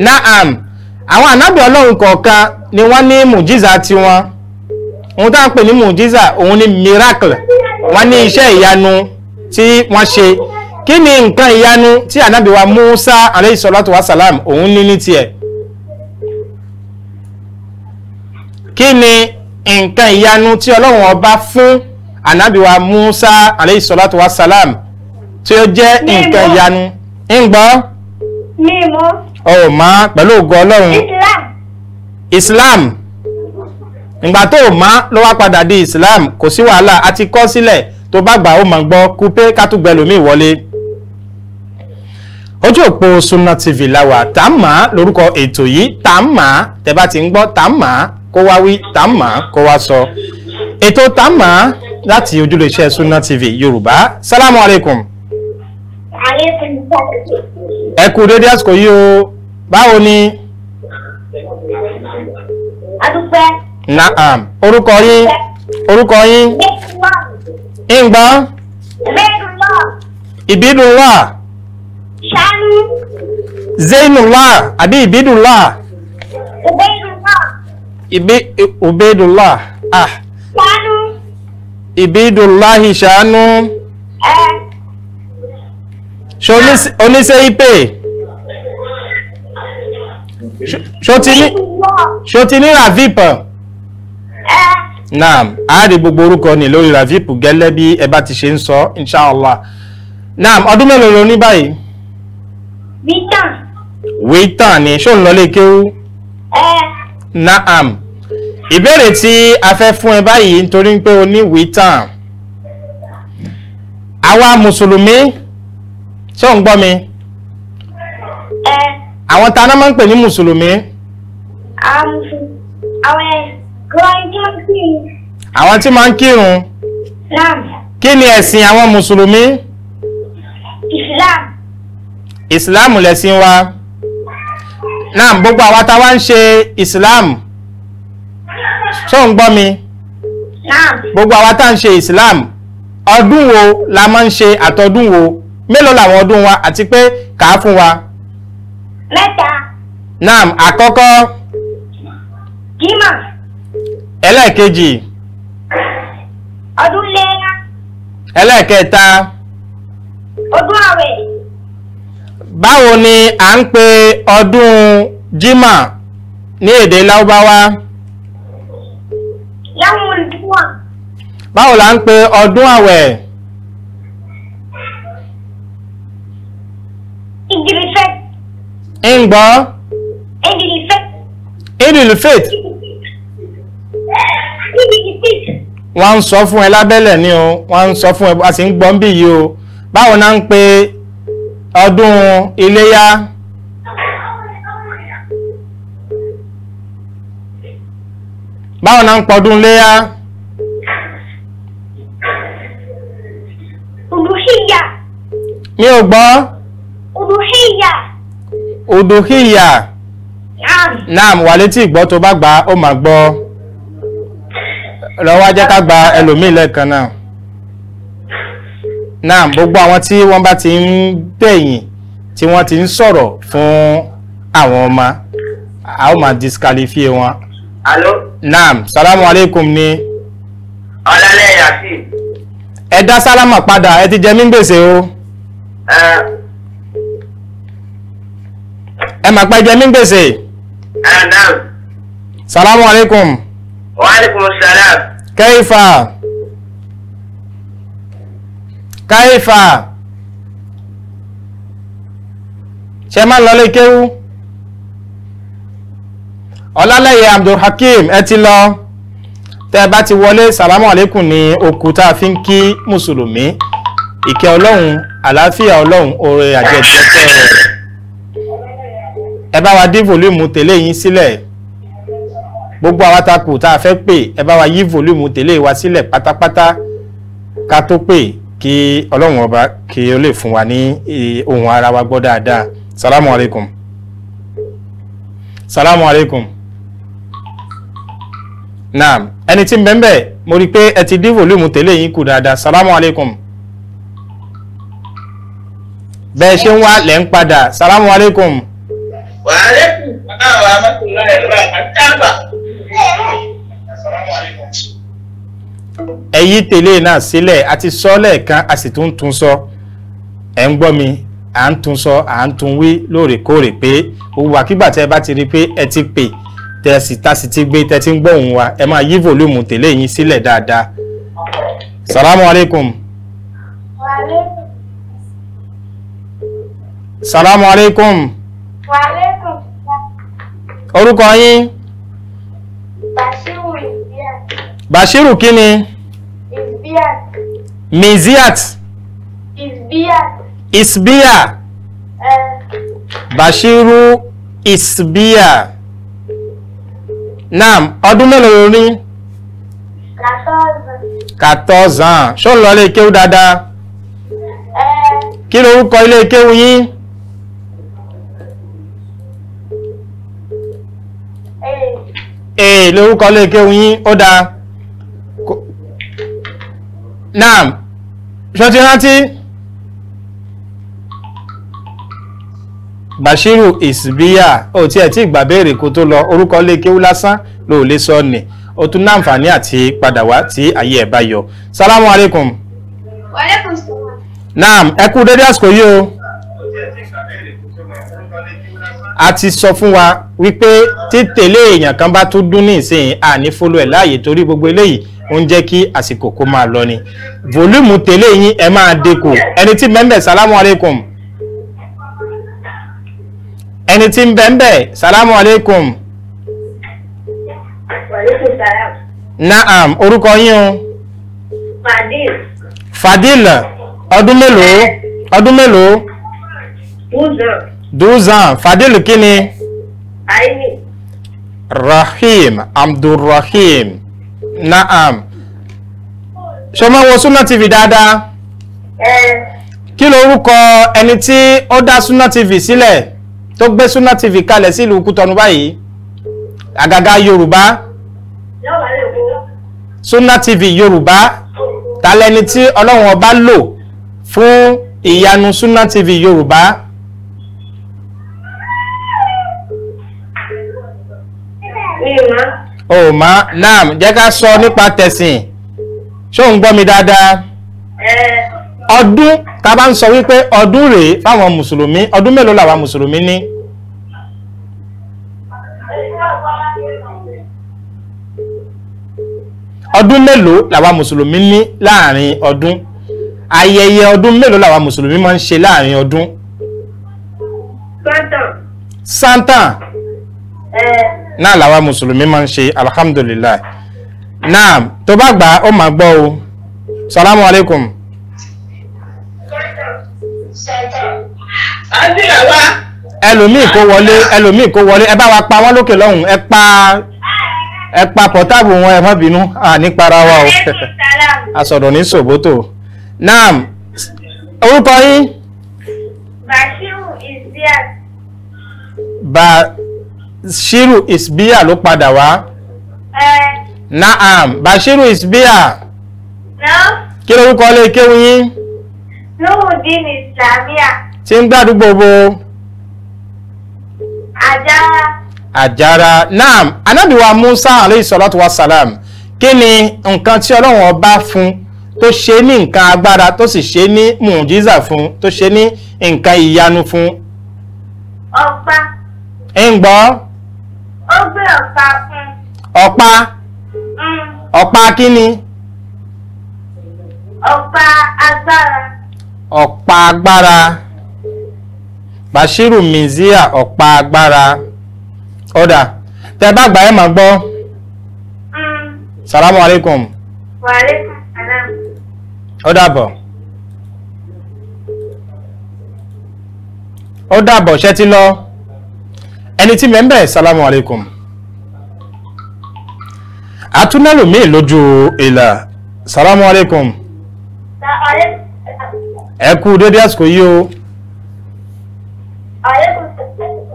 naam àwọn ànábì ọlọ́run kọ̀ọ̀kan ni wọ́n ní mùjíza tiwọn ohun tá à ń pè ní mùjíza òun ni miracle wọ́n ní iṣẹ́ ìyanu tí wọ́n ṣe kí ni nǹkan ìyanu tí ànábì wa Musa alayhi salatu wa salam òun ní ní tiẹ̀ kí ni nǹkan ìyanu tí ọlọ́run ọba fún anabiwa musa aleyhi salatu wa salam tí ó jẹ́ nǹkan ìyanu ń gbọ́. mi mọ. ọ̀ ma pẹ̀lú ògo ọlọ́run. islam. islam ìgbà tó o má ló wá padà di islam kò sí wàhálà a ti kọ́ sílẹ̀ tó bá gbà ó mọ̀ gbọ́ kúpé kátúgbẹ lómi ìwọlé. ojú òpó Sunna TV láwà tá a mà lórúkọ ètò yìí tá a mà tẹ bá ti ń gbọ́ tá a mà kó wá wí tàmà kó wá sọ ètò tàmà láti ojúlé iṣẹ́ Sunna TV Yorùbá sálámù aleykum. ẹ kú dédé àsìkò yìí o báwo ni. adúpẹ́. naam orúkọ yín orúkọ yín. ìgbọ́n. ìbídùnlá. ṣánú. zainullah àbí ìbídùnlá. ìbí ibi Ubaydullah ah ṣàánú Ubaydullah ṣàánú ṣe oníṣẹ́ ipe ṣo ti ní ravip naam àárí gbogbo orúkọ ní lórí ravip gẹ́lẹ́ bí ẹ bá ti ṣe ń sọ inshallah naam ọdún mélòó ló ní báyìí wíìtàn wíìtàn ni ṣó ń lọ lè kéwú ẹ́ naam ìbéèrè tí a fẹ́ fún ẹ báyìí nítorí pé o níwèé tán àwa mùsùlùmí ṣé ò ń gbọ́ mi. àwọn ta náà máa ń pè ní mùsùlùmí. àwọn tí máa ń kírun. kí ni ẹ̀sìn àwọn mùsùlùmí. islam. islam lẹ̀sìn wa náà gbogbo àwa tá ń ṣe islam ṣó ń gbọ́ mi gbogbo àwa tá ń ṣe islam ọdún wo la máa ń ṣe àtọdún wo mélòó làwọn ọdún wa àti pé kà á fún wa. mẹ́ta. naam àkọ́kọ́. jimá. ẹlẹ́ẹ̀kejì. ọdún léyá. ẹlẹ́ẹ̀kẹta. ọdún àwẹ̀ báwo ni à ń pe ọdún jimá ní èdè láúbáwá. báwo la ń pe ọdún àwẹ̀. ìdìlífẹ́. ń gbọ́. ìdìlífẹ́. ìdìlífẹ́. ìdìlífẹ́. wọ́n ń sọ fún ẹ lábẹ́lẹ̀ ni o wọ́n ń sọ fún ẹ a sì ń gbọ́ ń yìí o báwo la ń pe ọdún iléyá báwọn náà ń pọdún iléyá Uduhiya mi ò gbọ́ Uduhiya Uduhiya naam wà létí ìgbọ́ tó bá gbà ó mà gbọ́ lọ́wọ́ ajẹ́ gba ẹlòmíì lẹ́ẹ̀kan náà náà gbogbo àwọn tí wọ́n bá ti ń bẹ̀yìn tí wọ́n ti ń sọ̀rọ̀ fún àwọn ọmọ a ó máa disqualify wọn. alo. naam salamu aleykum ni. ọlọlẹ yasi. ẹ dá sálámà padà ẹ ti jẹ mí gbèsè o. ẹ mà pa jẹ mí gbèsè. naam. salamu aleykum. wa aleykum salaam. kẹ́yìfà. Kaifa? ṣe máa ń lọlé kéwú ọlálẹ́yẹ abdulhakeem ẹ ti lọ tẹ́ bá ti wọlé sàlámù àlékún ní òkúta fi ń kí mùsùlùmí ìkẹ́ ọlọ́run àlàáfíà ọlọ́run oore àjẹjẹtẹ rẹ̀ ẹ bá wa dín fòlíùmù tẹ̀lé yín sílẹ̀ gbogbo àwa ta tá a fẹ́ pè ẹ bá wa yí fòlíùmù tẹ̀lé wa sílẹ̀ pátápátá ká tó pè kí ọlọ́run ọba kí ó lè fún wa ní e, ohun ara wa gbọ́ dáadáa salamu alaikum salamu alaikum naam ẹni tí ń bẹ́ńbẹ́ mo rí i pé ẹ ti dín volume tẹ́lẹ̀ yín kù dáadáa salamu alaikum bẹ́ẹ̀ ṣe ń wá lẹ́ ń padà salamu alaikum. wa alaikum àwọn amátòlá ẹ̀rọ àtàbà. salamu alaikum èyí tẹ̀lé e náà sílẹ̀ àti sọ lẹ́ẹ̀kan a sì tún tún sọ ẹ̀ ń gbọ́ mi à ń tún sọ à ń tún wí lóòrèkóòrè pé òwò àkígbà tẹ́ ẹ bá ti rí i pé ẹ ti pè tẹ́ ẹ sì ta sì ti gbé tẹ́ ti ń gbọ́ òun wa ẹ máa yí fòlùmù tẹ̀lé yín sílẹ̀ dáadáa. salamu aleykum. salamu aleykum. orúkọ yín. Bashiru kini. ni? Isbiat. Miziat. Isbiat. Isbiya. Uh. Eh. Bashiru Isbiya. Naam, ọdún mélòó ni? Quatorze ans. Ṣó lọ ilé kéwú dáadáa? Eh. Kí Eh. Eh. kéwú yín? Ee lorúkọ ilé kéwú yín, ó dáa naam ṣó ti bashiru isbia ó tiẹ̀ tí ìgbà béèrè kó tó lọ orúkọ lè kéwú lásán ló lè sọ ni ó tún láǹfààní àti padà wá tí ayé ẹ̀ bá yọ salamu wa aleykum salaam. naam ẹ kú dédé àsìkò yìí o a ti sọ fún wa wípé títẹ̀lé èèyàn kan bá tún dún ní ìsìn àní fọlọ́ ẹ̀ láàyè torí gbogbo eléyìí ń jẹ́ kí àsìkò kó máa lọ ni volume tẹ̀lé yín ẹ máa dínkù ẹni tí mẹ́mbẹ̀ salamu aleykum ẹni tí ń salamu aleykum. naam orúkọ yín o. fadil. fadil ọdún mélòó ọdún mélòó. duzan fadil kí ni. aini. rahim abdulrahim naam ṣe máa ń wo Sunna TV dáadáa kí lorúkọ ẹni tí ó dá Sunna TV sílẹ̀ tó gbé Sunna TV kalẹ̀ sílùú Kútọ́nù báyìí àgàgà Yorùbá Sunna TV Yorùbá ta tí Ọlọ́run ọba lò fún ìyanu Sunna TV Yorùbá o ma naam jẹ́ ká sọ nípa tẹ̀sìn ṣó ń gbọ́ mi dáadáa eh. ọdún ta bá ń sọ wípé ọdún rèé fáwọn mùsùlùmí ọdún mélòó làwọn mùsùlùmí ní. ọdún mélòó làwọn mùsùlùmí ní láàrin ọdún ayẹyẹ ọdún mélòó làwọn mùsùlùmí máa ń ṣe láàrin ọdún. santan. santan. Eh náà làwa mùsùlùmí máa ń ṣe alhamdulillah náà tó bá gbà ó máa gbọ́ o salamu alaikum. ẹlòmíì kó wọlé ẹlòmíì kó wọlé ẹ bá wa pa wọn lókè lọ́hùn ẹ pa ẹ pa pọ̀táàbù wọn ẹ má bínú nípara wa o àsọ̀rọ̀ ní sòbótò náà orúkọ yín. Bashiru Isias. ba Shiru isbia ló padà wá. naam bashiru isbiya. kí lorúkọ lè kéwu yín. nuhudin islamia. tí ń gbàdúgbò bo. àjára. àjára naam anábìwá musa aleyhi salatu wa salam kí ni nǹkan tí ọlọ́run ọba fún tó ṣe ní nǹkan agbára tó sì ṣe ní mùjíza fún tó ṣe ní nǹkan ìyanu fún. ọgbà. ń ó gbé ọ̀pá fún. ọ̀pá. Mm. ọ̀pá kí ni. ọ̀pá agbára. ọ̀pá agbára. Bashiru Mizia ọ̀pá agbára. ọ̀dà tẹ bá gbà ẹ̀ máa gbọ́. Mm. salamu alaikum. wa alaikum dàbọ̀. ó dàbọ̀ ṣẹ́ ti lọ ẹni tí mẹ́mbẹ́ salamu alaykum àtúnẹ́lòmíì lójú ìlà salamu alaykum ẹ kú dédé àsìkò yìí o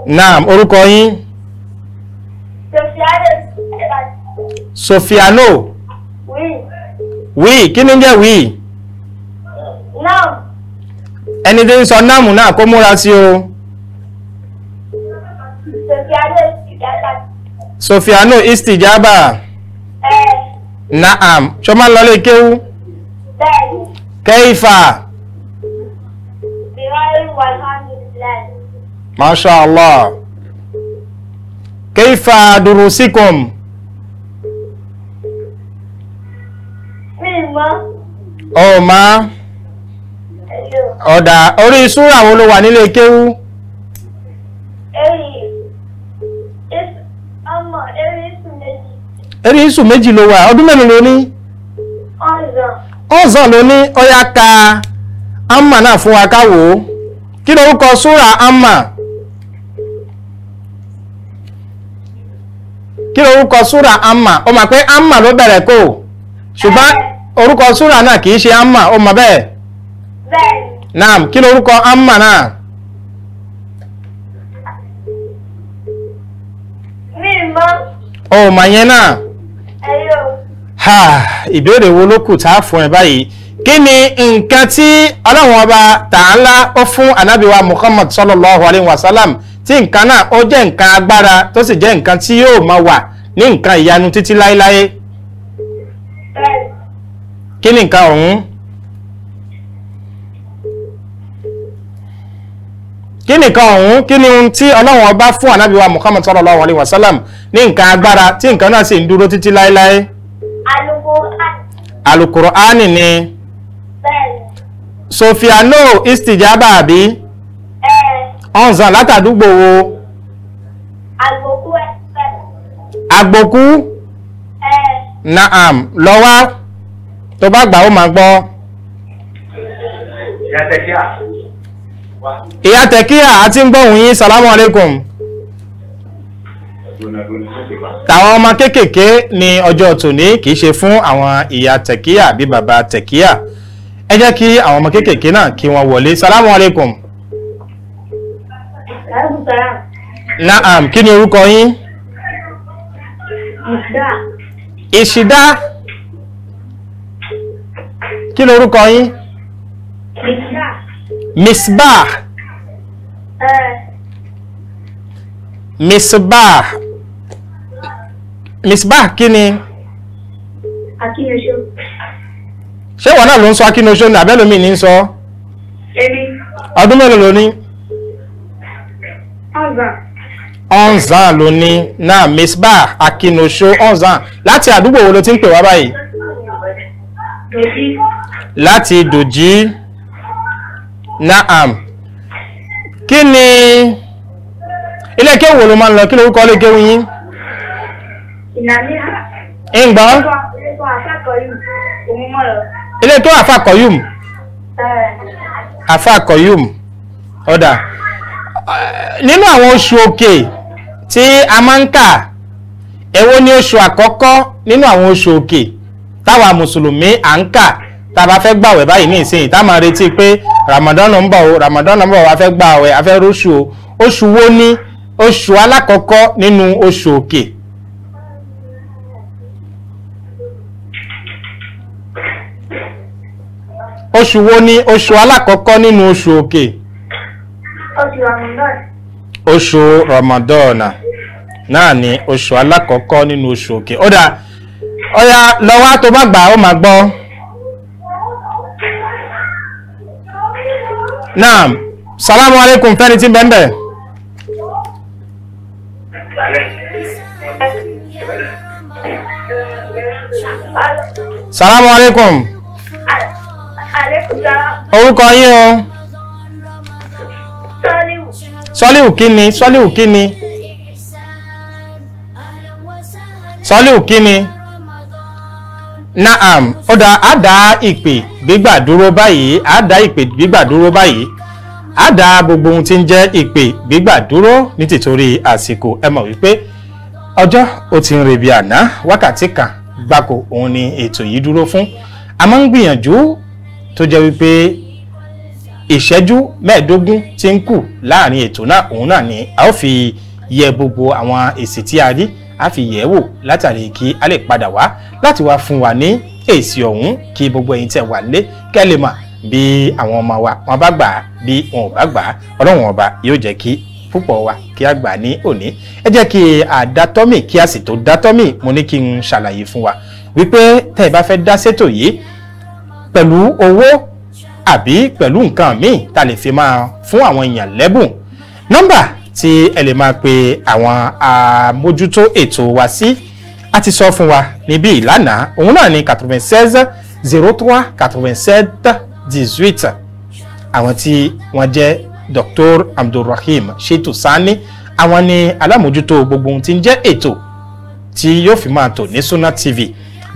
naam orúkọ yín sofiano wí kí ni jẹ́ wí ẹni tí ń sọ náàmù náà kó múra sí o. sofiano istijaba naam ṣọmọ lọlé kéwú kẹfà masha allah kẹfà durusikum ọmọ ọ̀dà orí súra wo ló wà nílé kéwú. eri yíṣù méjì ló wà ọdún mélòó ló ní. ọ̀sán ló ní ka amma náà fún wa ká wò ó kí ló kọ súra amma kí ló kọ súra amma ó mà pé amma ló bẹ̀rẹ̀ kó ṣùgbọ́n orúkọ súra náà kì í amma naam kí amma náà. mi o mà yẹn náà. ìbéèrè wo ló kù tá a fún ẹ báyìí kí ni nǹkan tí ọlọ́run ọba tààlà ó fún anábìwa muhammad sallallahu alayhi wa sallam tí nǹkan náà ó jẹ́ nǹkan agbára tó sì jẹ́ nǹkan tí yóò máa wà ní nǹkan ìyanu títí láéláé kí ni nǹkan ọ̀hún. kí nìkan ọ̀hún kí ni ohun tí ọlọ́run ọba fún ànábì wa muhammad sallallahu alayhi wa sallam ní nǹkan agbára tí nǹkan náà sì ń dúró títí láéláé. alukur'ani. alukur'ani ni. bẹ́ẹ̀ni. sofiano istijaba àbí. ẹ̀ẹ́. ọ̀nzàn látàdúgbò wo. agboku naam lọ́wọ́ tó bá gbà ó máa gbọ́ ìyá tẹ̀kíyà àti ń gbọ́hùn yín salamu alaikum tàwọn ọmọ kéékèèké ní ọjọ́ tòní kìí ṣe fún àwọn ìyá tẹ̀kíyà bí bàbá tẹ̀kíyà ẹ jẹ́ kí àwọn ọmọ kéékèèké náà kí wọ́n wọlé salamu alaikum. naam kí ni orúkọ yín. ìṣìdá kí ni orúkọ yín. ìṣìdá. Miss Bar, Miss Bar, misbah kí ni. akínyẹsọ. ṣé wọn náà ló ń sọ akínyẹsọ ní abẹ́lómi ní sọ. èmi. ọdún mélòó ló ní. ọ̀nzà. ọ̀nzà ló ní náà misbah akínyẹsọ ọ̀nzà láti àdúgbò wo ló ti ń pè wá báyìí. dòjì. láti doji naam kí ni ilé kéwù ló máa ń lọ kí lórúkọ ilé kéwù yín. ìnáníà. ǹgbọ́. ilé tó àfàkọ́yùm òun mọ̀ lọ. ilé tó àfàkọ́yùm. àfàkọ́yùm ọ̀dà nínú àwọn oṣù òkè tí a máa ń kà èwo ni oṣù àkọ́kọ́ nínú àwọn oṣù òkè táwa mùsùlùmí à ń ta bá fẹ́ gbàwẹ̀ báyìí ní ìsìn tá retí Ramadan n bọ̀ o Ramadan ń bọ̀ wá fẹ́ gbàwẹ̀ a o ni osu nínú osu òkè. oṣù wo ni osu alákọ̀ọ́kọ́ nínú osu òkè. oṣù Ramadan. Ramadan ni osu nínú osu òkè. ó dà ọ̀yà lọ́wọ́ to bá gbà ó ma gbọ́. naam salamu alaikum fẹ́ni tí bẹ́ẹ̀ salamu alaikum orúkọ yín o sọ́líù kíni sọ́líù kíni sọ́líù kíni naam ó dá a dá ìpè gbígbà dúró báyìí a dá ìpè gbígbà dúró báyìí a dá gbogbo ohun tí ń jẹ́ ìpè gbígbà dúró ní tìtorí àsìkò ẹ mọ̀ wípé ọjọ́ ó ti ń re bí àná wákàtí kan gbáko òun ni ètò yìí dúró fún a máa ń gbìyànjú tó jẹ́ wípé ìṣẹ́jú mẹ́ẹ̀ẹ́dógún tí ń kù láàrin ètò náà òun náà ni a ó fi yẹ gbogbo àwọn èsì tí a rí a fi yẹ̀ wò látàrí kí a lè padà wá láti wá fún wa ní èsì ọ̀hún kí gbogbo ẹ̀yin tẹ̀ wà lé kẹ́ lè mọ̀ bí àwọn ọmọ wa wọn bá gbà á bí wọn ò bá gbà á ọlọ́run ọba yóò jẹ́ kí púpọ̀ wa kí a gbà ní òní ẹ jẹ́ kí a kí a sì tó dátọ́mì mo ní kí n ṣàlàyé fún wa wípé tẹ́ ẹ bá fẹ́ dá sétò yìí pẹ̀lú owó àbí pẹ̀lú nǹkan míì tá lè fi máa fún àwọn èèyàn lẹ́bùn nọ́mbà tí ẹ lè máa pe àwọn àmójútó ètò wa sí a ti sọ fún wa níbí ìlànà òun náà ní quatre-vingt seize zero trois quatre vingt dix-huit àwọn tí wọ́n jẹ́ Dr. Abdulrahim Shitu Sani àwọn ni alámòjútó gbogbo ohun tí ń jẹ́ ètò tí yóò fi máa tò ní Sunna TV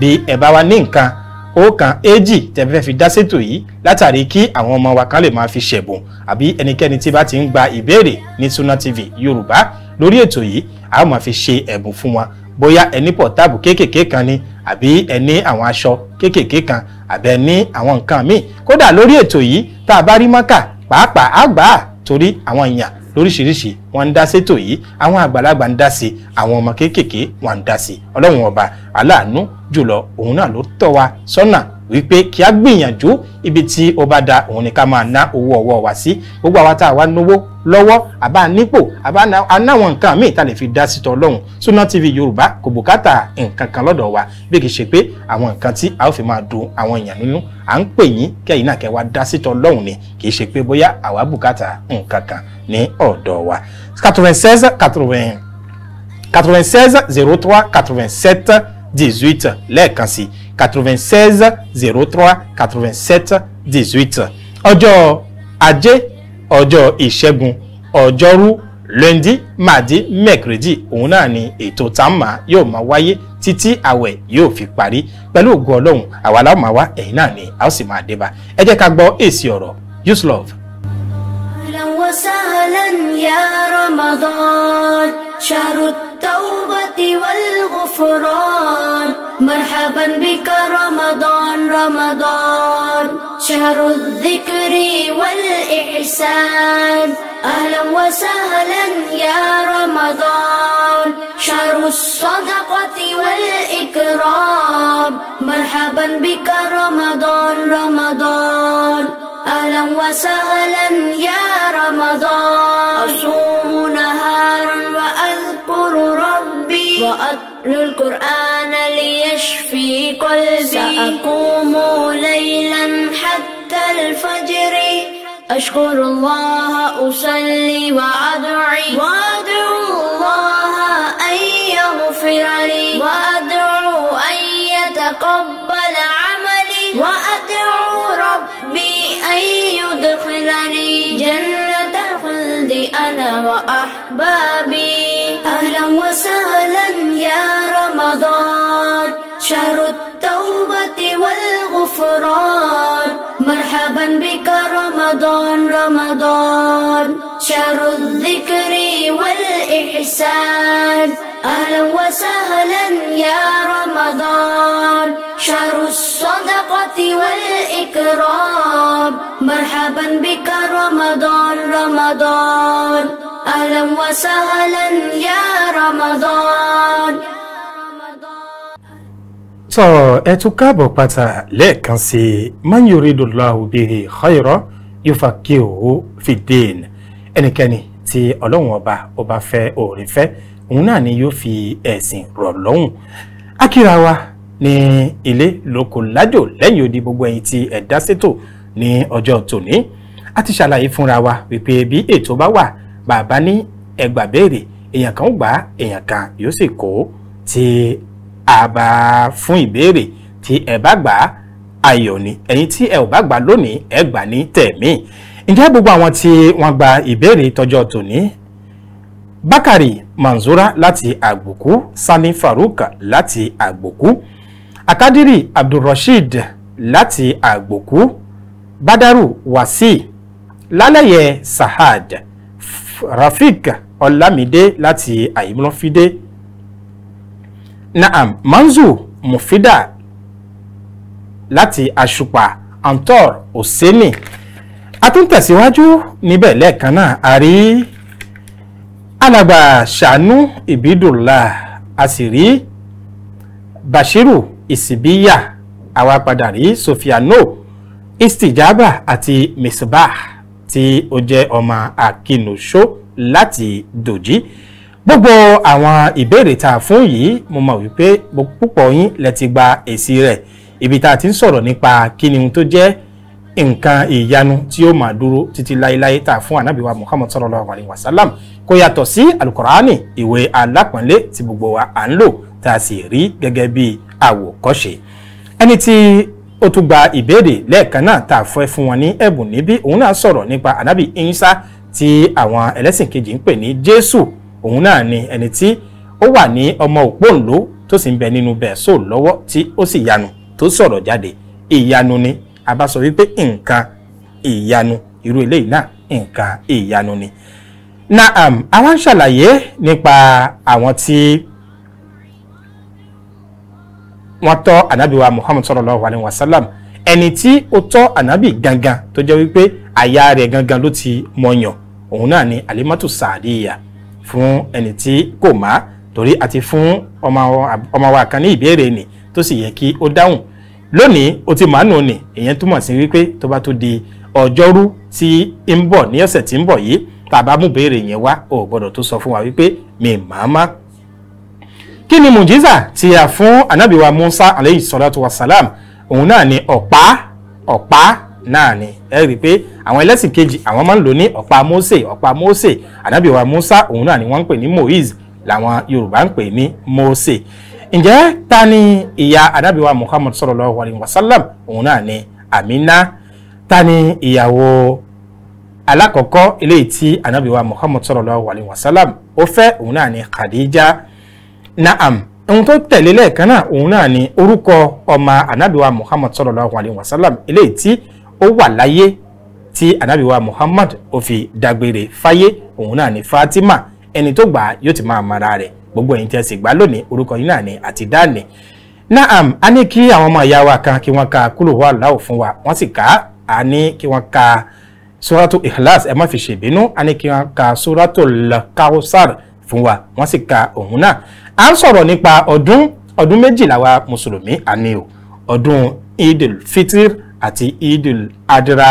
bí ẹ bá wa ní nǹkan ọ̀kan èjì tẹ̀fẹ́ fi dá ṣètò yìí látàrí kí àwọn ọmọ wa kan lè máa fi ṣẹ̀bùn àbí ẹnikẹ́ni tí bá ti ń gba ìbéèrè ní Sunna TV Yorùbá lórí ètò yìí a máa fi ṣe ẹ̀bùn fún wọn bóyá ẹni pọ̀táàbù kéékèèké kan ni àbí ẹni àwọn aṣọ kéékèèké kan àbẹ ní àwọn nǹkan míì kódà lórí ètò yìí tá a bá rí mọ́kà pàápàá àgbà torí àwọn èèyàn lóríṣìíríṣìí wọ́n ń dá sétò yìí àwọn àgbàlagbà ń dá sí i àwọn ọmọ kéékèèké wọ́n ń dá sí i ọlọ́run ọba aláàánú jùlọ òun náà ló tọ́ wa sọ́nà wípé kí a gbìyànjú ibi tí ó bá da òun ni ká máa ná owó ọwọ́ wa sí gbogbo àwa tá a wá náwó lọ́wọ́ àbá nípò àbá anáwọn nǹkan míì tá a lè fi dá sítọ̀ ọlọ́run Sunna TV Yorùbá kò bùkátà nǹkan kan lọ́dọ̀ wa bí kì í ṣe pé àwọn nǹkan tí a ó fi máa dùn àwọn èèyàn nínú à ń pè yín kẹ́yìn náà kẹ́ wá dá sítọ̀ ọlọ́run ni kì í ṣe pé bóyá àwa bùkátà nǹkan kan ní ọ̀dọ̀ wa. 96 80 96 03 87 18 lẹ́ẹ̀kan sí i 96 03 87 18 ọjọ́ ajé ọjọ́ ìṣẹ́gun ọjọ́rú lundi màdí mẹ́kìrìdì òun náà ni ètò tàmà yóò máa wáyé títí àwẹ̀ yóò fi parí pẹ̀lú ògùn ọlọ́run àwa láwọn máa wá ẹ̀yìn náà ni a ó sì máa dé bá ẹ jẹ́ ká gbọ́ èsì ọ̀rọ̀ use love. أهلا وسهلا يا رمضان شهر التوبة والغفران مرحبا بك رمضان رمضان شهر الذكر والإحسان أهلا وسهلا يا رمضان شهر الصدقة والإكرام مرحبا بك رمضان رمضان أهلا وسهلا يا رمضان وأتلو القرآن ليشفي قلبي سأقوم ليلا حتى الفجر أشكر الله أصلي وأدعي وأدعو الله أن يغفر لي وأدعو أن يتقبل عملي وأدعو ربي أن يدخلني جنة خلدي أنا وأحبابي مرحبا بك رمضان رمضان شهر الذكر والإحسان أهلا وسهلا يا رمضان شهر الصدقة والإكرام مرحبا بك رمضان رمضان أهلا وسهلا يا رمضان tọ́ ẹ tún káàbọ̀ pátá lẹ́ẹ̀kan sí i man yuridullahu bihi khayra yufaqihu fiddin ẹnikẹ́ni tí ọlọ́run ọba ọba fẹ́ òòrè fẹ́ òun náà ni yóò fi ẹ̀sìn rọ̀ lọ́hùn akíra wa ní ilé lóko lájò lẹ́yìn odi gbogbo ẹ̀yin tí ẹ dá sétò ní ọjọ́ tòní a ti ṣàlàyé fúnra wa wípé bí ètò bá wà bàbá ní ẹgbàá èèyàn kan gbà èèyàn kan yóò sì kó tí àbá fún ìbéèrè tí ẹ bá gbà á ayọ̀ ni ẹ̀yin tí ẹ ò bá gbà lónìí ẹ gbà ní tẹ̀mí ǹjẹ́ gbogbo àwọn tí wọ́n gba ìbéèrè tọjọ́ tòní Bakari Manzura láti Àgbòkú Sani Farouk láti Àgbòkú Akadiri Abdulrasheed láti Àgbòkú Badaru Wasi Lálẹ́yẹ Sahad Rafik Ọlámídé láti Àyímọ́fídé Naam Manzu Mufida láti Àṣùpà Antor Oseni a tún tẹ̀síwájú níbẹ̀ lẹ́ẹ̀kan náà a rí alàgbà Ṣàánú Ibidullah a sì rí Bashiru Isibiya àwa padà rí Sofiano Istijaba àti Misbah tí ó jẹ́ ọmọ Akínúṣó láti Dòjí gbogbo àwọn ìbéèrè tá a fún yìí mo mọ̀ wípé púpọ̀ yín lẹ ti gba èsì rẹ̀ ibi tá a ti ń sọ̀rọ̀ nípa kí ni ohun tó jẹ́ nǹkan ìyanu tí ó máa dúró títí láéláé tá a fún ànábì wa Muhammad sallallahu alayhi wa sallam kò yàtọ̀ sí alukurani ìwé alápọ̀nlé tí gbogbo wa à ń lò tá a sì rí gẹ́gẹ́ bí àwòkọ́ṣe ẹni tí ó tún gba ìbéèrè lẹ́ẹ̀kan náà tá a fẹ́ fún wọn ní ẹ̀bùn níbí òun náà sọ̀rọ̀ nípa ànábì Ìsá tí àwọn ẹlẹ́sìn kejì ń pè ní Jésù òun náà ni ẹni tí ó wà ní ọmọ òpóǹló tó sì ń bẹ nínú bẹ́ẹ̀ sóò lọ́wọ́ tí ó sì yanu tó sọ̀rọ̀ jáde ìyanu ni a bá sọ wípé nǹkan ìyanu irú eléyìí náà nǹkan ìyanu ni. na àwa ń ṣàlàyé nípa àwọn tí wọ́n tọ́ ànábì wa muhammad sallallahu alayhi wa sallam ẹni tí ó tọ́ ànábì gangan tó jẹ́ wípé àyà rẹ̀ gangan ló ti mọ̀yàn òun náà ni alimatu saadiya fún ẹni tí kò má torí àti fún ọmọ wa kan ní ìbéèrè nì tó sì yẹ kí ó dáhùn lónìí o ti màánù nì ìyẹn túmọ̀ sí wípé tó bá tó di ọjọ́rú tí ń bọ̀ ní ọ̀sẹ̀ tí ń bọ̀ yìí tá mú béèrè yẹn wá o gbọ́dọ̀ tó sọ fún wa wípé mi màmá. kí ni mùjíza tí a fún anábìwa Musa aleyhi salatu wa salam òun náà ni ọ̀pá ọ̀pá náà ni ẹ rí i pé àwọn ẹlẹ́sìn kejì àwọn máa ń lò ní ọ̀pá Mósè ọ̀pá Mósè ànábì Musa òun náà ni wọ́n ń pè ní Moise làwọn Yorùbá ń pè ní Mósè ǹjẹ́ ta ni ìyá ànábì wa Muhammad sallallahu alaihi wasallam òun náà ni Amina ta ni ìyàwó alákọ̀ọ́kọ́ eléyìí tí ànábì wa Muhammad sallallahu alaihi wasallam ó fẹ́ òun náà ni Khadija naam ohun tó tẹ̀lé lẹ́ẹ̀kan náà òun náà ni orúkọ ọmọ ànábì wa Muhammad sallallahu alaihi wasallam eléyìí tí ó wà láyé tí ànábì Muhammad ó fi dágbére fáyé òun náà ni Fatima ẹni tó gbà á yóò ti máa mara rẹ̀ gbogbo ẹ̀yin tí ẹ sì gbà lónìí orúkọ yín náà ni àti dáàni naam a ní kí àwọn ọmọ ìyá wa kan kí wọ́n ka kúlò wà láwò fún wa wọ́n sì kà a ní kí wọ́n ka suratu ikhlas ẹ má fi ṣèbínú a ní kí wọ́n ka suratu lakawusar fún wa wọ́n sì ka òun náà à ń sọ̀rọ̀ nípa ọdún ọdún méjìlá wa mùsùlùmí àní o ọdún idil fitr àti idul adara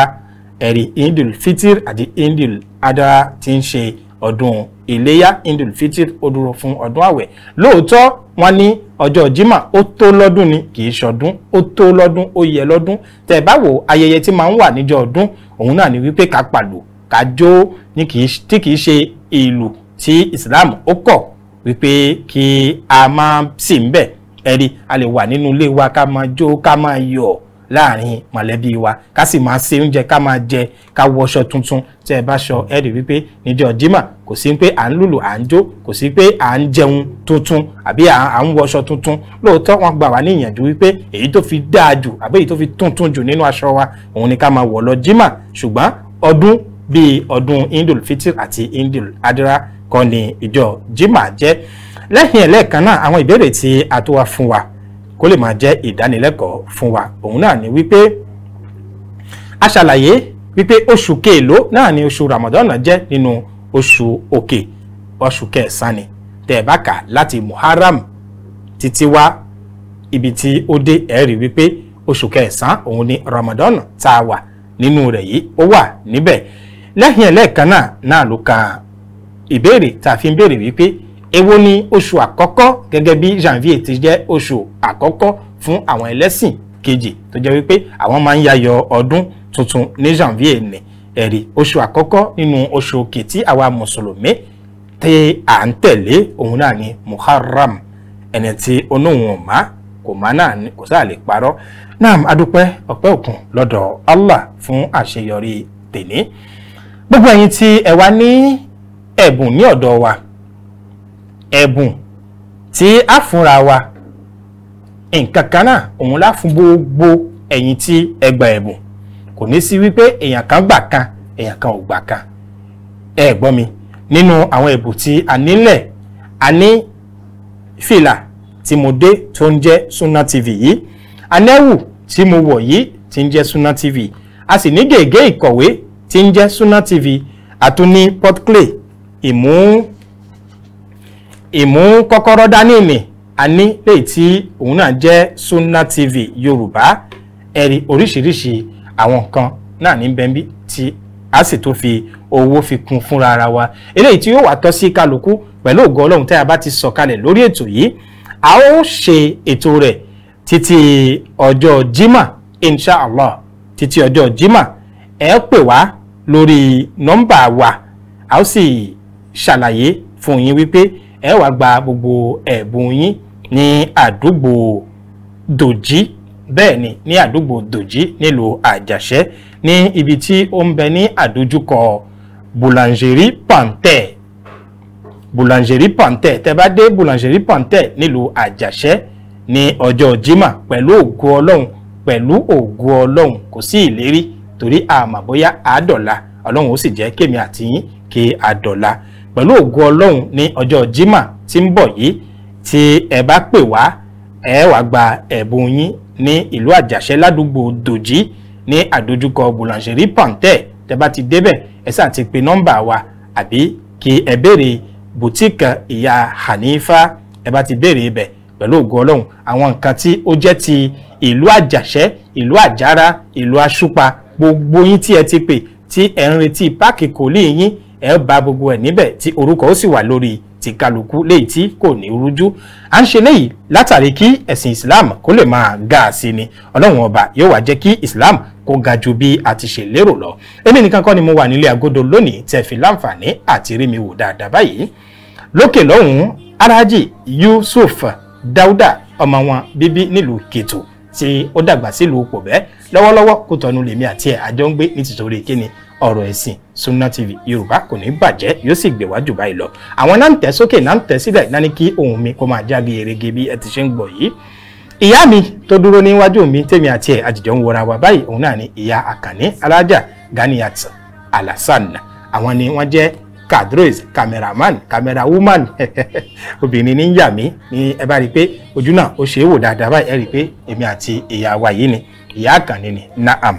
ẹ̀rí idul fitir àti idul adara ti ń ṣe ọdún iléyá idul fitir ó dúró fún ọdún àwẹ̀ lóòótọ́ wọ́n ní ọjọ́ jimá ó tó lọ́dún ni kì í ṣọdún ó tó lọ́dún ó yẹ lọ́dún tẹ̀ báwo ayẹyẹ tí máa ń wà níjọ́ ọdún òun náà ni wípé ká pàlò ká jó tí kì í ṣe ìlú tí Islam ó kọ̀ wípé kí a máa sì ń bẹ̀ ẹ̀rí a lè wà nínú ilé wa ká máa jó ká máa yọ̀ láàrin mọ̀lẹ́bí wa ká sì máa ṣe oúnjẹ ká máa jẹ ká wọṣọ tuntun tẹ́ ẹ bá ṣọ ẹ rí wípé níjọ́ jimá kò sí pé à ń lùlù à ń jó kò sí pé à ń jẹun tuntun àbí à ń wọṣọ tuntun lóòótọ́ wọn gbà wá ní wípé èyí tó fi dáa jù àbí èyí tó fi tuntun jù nínú aṣọ wa òun ni ká máa wọ̀ lọ jimá ṣùgbọ́n ọdún bíi ọdún indul fitr àti indul adira kọ́ ni ìjọ jimá jẹ́ lẹ́yìn ẹ̀lẹ́ẹ̀kan náà àwọn ìbéèrè tí a tó wá fún wa kó lè máa jẹ́ ìdánilẹ́kọ̀ọ́ fún wa òun náà ni wípé a ṣàlàyé wípé oṣù kéèló náà ni oṣù Ramadan jẹ́ nínú oṣù òkè oṣù kẹsàn-án ni tẹ́ ẹ bá kà láti Muharram títí wá ibi tí ó dé ẹ rí wípé oṣù kẹsàn-án òun ni Ramadan tá a wà nínú rẹ̀ yìí ó wà níbẹ̀ lẹ́yìn ẹ̀lẹ́ẹ̀kan náà náà ló kan ìbéèrè tá béèrè wípé èwo ni oṣù àkọ́kọ́ gẹ́gẹ́ bí janvier ti jẹ́ oṣù àkọ́kọ́ fún àwọn ẹlẹ́sìn kejì tó jẹ́ wípé àwọn máa ń yayọ̀ ọdún tuntun ní janvier ni ẹ̀rí oṣù àkọ́kọ́ nínú oṣù òkè tí àwa mùsùlùmí tí à ń tẹ̀lé òun náà ni muharram ẹni tí onóhun ọ̀má kò má náà ni kò sáà lè parọ́ náà adúpẹ́ ọpẹ́ òkun lọ́dọ̀ allah fún àṣeyọrí tèní gbogbo ẹ̀yin tí ẹ wá ní ẹ̀bùn ní ọ̀dọ̀ wa ẹ̀bùn tí a fúnra wa nǹkan kan náà òun la fún gbogbo ẹ̀yin tí ẹ gba ẹ̀bùn kò ní sí wípé èèyàn kan gbà kan èèyàn kan ò gbà kan ẹ gbọ́ mi nínú àwọn ẹ̀bùn tí a nílẹ̀ a ní fìlà tí mo dé tó ń jẹ́ Sunna TV yìí anẹ́wù tí mo wọ̀ yìí tí ń jẹ́ Sunna TV a sì ní gègé ìkọ̀wé tí ń jẹ́ Sunna TV àtúní portclay ìmú ìmú kọ́kọ́rọ́ dání ni àní léyìí tí òun náà jẹ́ Sunna TV Yorùbá ẹ̀rí oríṣiríṣi àwọn nǹkan náà ní bẹ́ńbí tí a sì tó fi owó fi kún fúnra ara wa eléyìí tí yóò wà tọ́ sí kálukú pẹ̀lú ògo Ọlọ́run tẹ́ a bá ti sọ̀kalẹ̀ lórí ètò yìí a ó ṣe ètò rẹ̀ títí ọjọ́ Jímà inshallah títí ọjọ́ Jímà ẹ pè wá lórí nọ́mbà wa a ó sì ṣàlàyé fún yín wípé ẹ wá gba gbogbo ẹ̀bùn yín ní àdúgbò dòjí bẹ́ẹ̀ ni ní àdúgbò dòjí nílùú àjàṣẹ́ ní ibi tí ó ń bẹ ní àdójúkọ boulangerie panthère boulangerie panthère tẹ bá dé boulangerie panthère nílùú àjàṣẹ́ ní ọjọ́ jimá pẹ̀lú ògo ọlọ́run pẹ̀lú ògo ọlọ́run kò sí ìlérí torí àmọ́ bóyá àádọ́la ọlọ́run ó sì jẹ́ kémi àti kí àdọ́la pẹ̀lú ògo ọlọ́run ní ọjọ́ jimá tí ń bọ̀ yìí tí ẹ bá pè wá ẹ wá gba ẹ̀bùn yín ní ìlú àjàṣẹ́ ládùúgbò dòjì ní àdójúkọ bùlànṣẹ́rí pàǹtẹ́ tẹ bá ti débẹ̀ ẹ sàn ti pe nọ́mbà wa àbí kí ẹ béèrè bùtíkà ìyá Hanifa ẹ bá ti béèrè ibẹ̀ pẹ̀lú ògo ọlọ́run àwọn nǹkan tí ó jẹ́ ti ìlú àjàṣẹ́ ìlú àjára ìlú àṣùpá gbogbo yín tí ẹ ti pè tí ẹ ń retí páàkì kòlí yín ẹ bá gbogbo ẹ̀ níbẹ̀ tí orúkọ ó sì wà lórí ti kálukú léyìí tí kò ní rújú à ń ṣe léyìí látàrí kí ẹ̀sìn Islam kó lè máa ga sí ni ọlọ́run ọba yóò wá jẹ́ kí Islam kó ga ju bí a ti ṣe lérò lọ èmi nìkan kọ́ ni mo wà nílé agodo lónìí tẹ́ fi láǹfààní àti rí mi wò dáadáa báyìí lókè lọ́hùn-ún Alhaji Yusuf Dauda ọmọ wọn bíbí nílùú Kétu tí ó dàgbà sílùú Pòbẹ́ lọ́wọ́lọ́wọ́ kó tọ́nu lèmi àti ẹ̀ àjọ ń gbé nítorí Sunna TV yorùbá kò ní bàjẹ́ yóò sì gbé wájú báyìí lọ àwọn náà ń tẹ̀ sókè náà ń tẹ̀ sílẹ̀ náà ní kí ohùn mi kó máa jáde erege bí ẹ ti ṣe ń gbọ̀ yìí ìyá mi tó dúró níwájú mi tèmi àti ẹ àjèjọ ń wọra wa báyìí òun náà ni ìyá àkànní alájà Ganiat Alasan àwọn ni wọ́n jẹ́ kadros cameraman camera woman <laughs> obìnrin ní yà mí ni ẹ bá rí i pé ojú náà ó ṣe é wò dáadáa báyìí ẹ rí i pé èmi àti ìyá wa yìí ni ìyá àkànní ni naam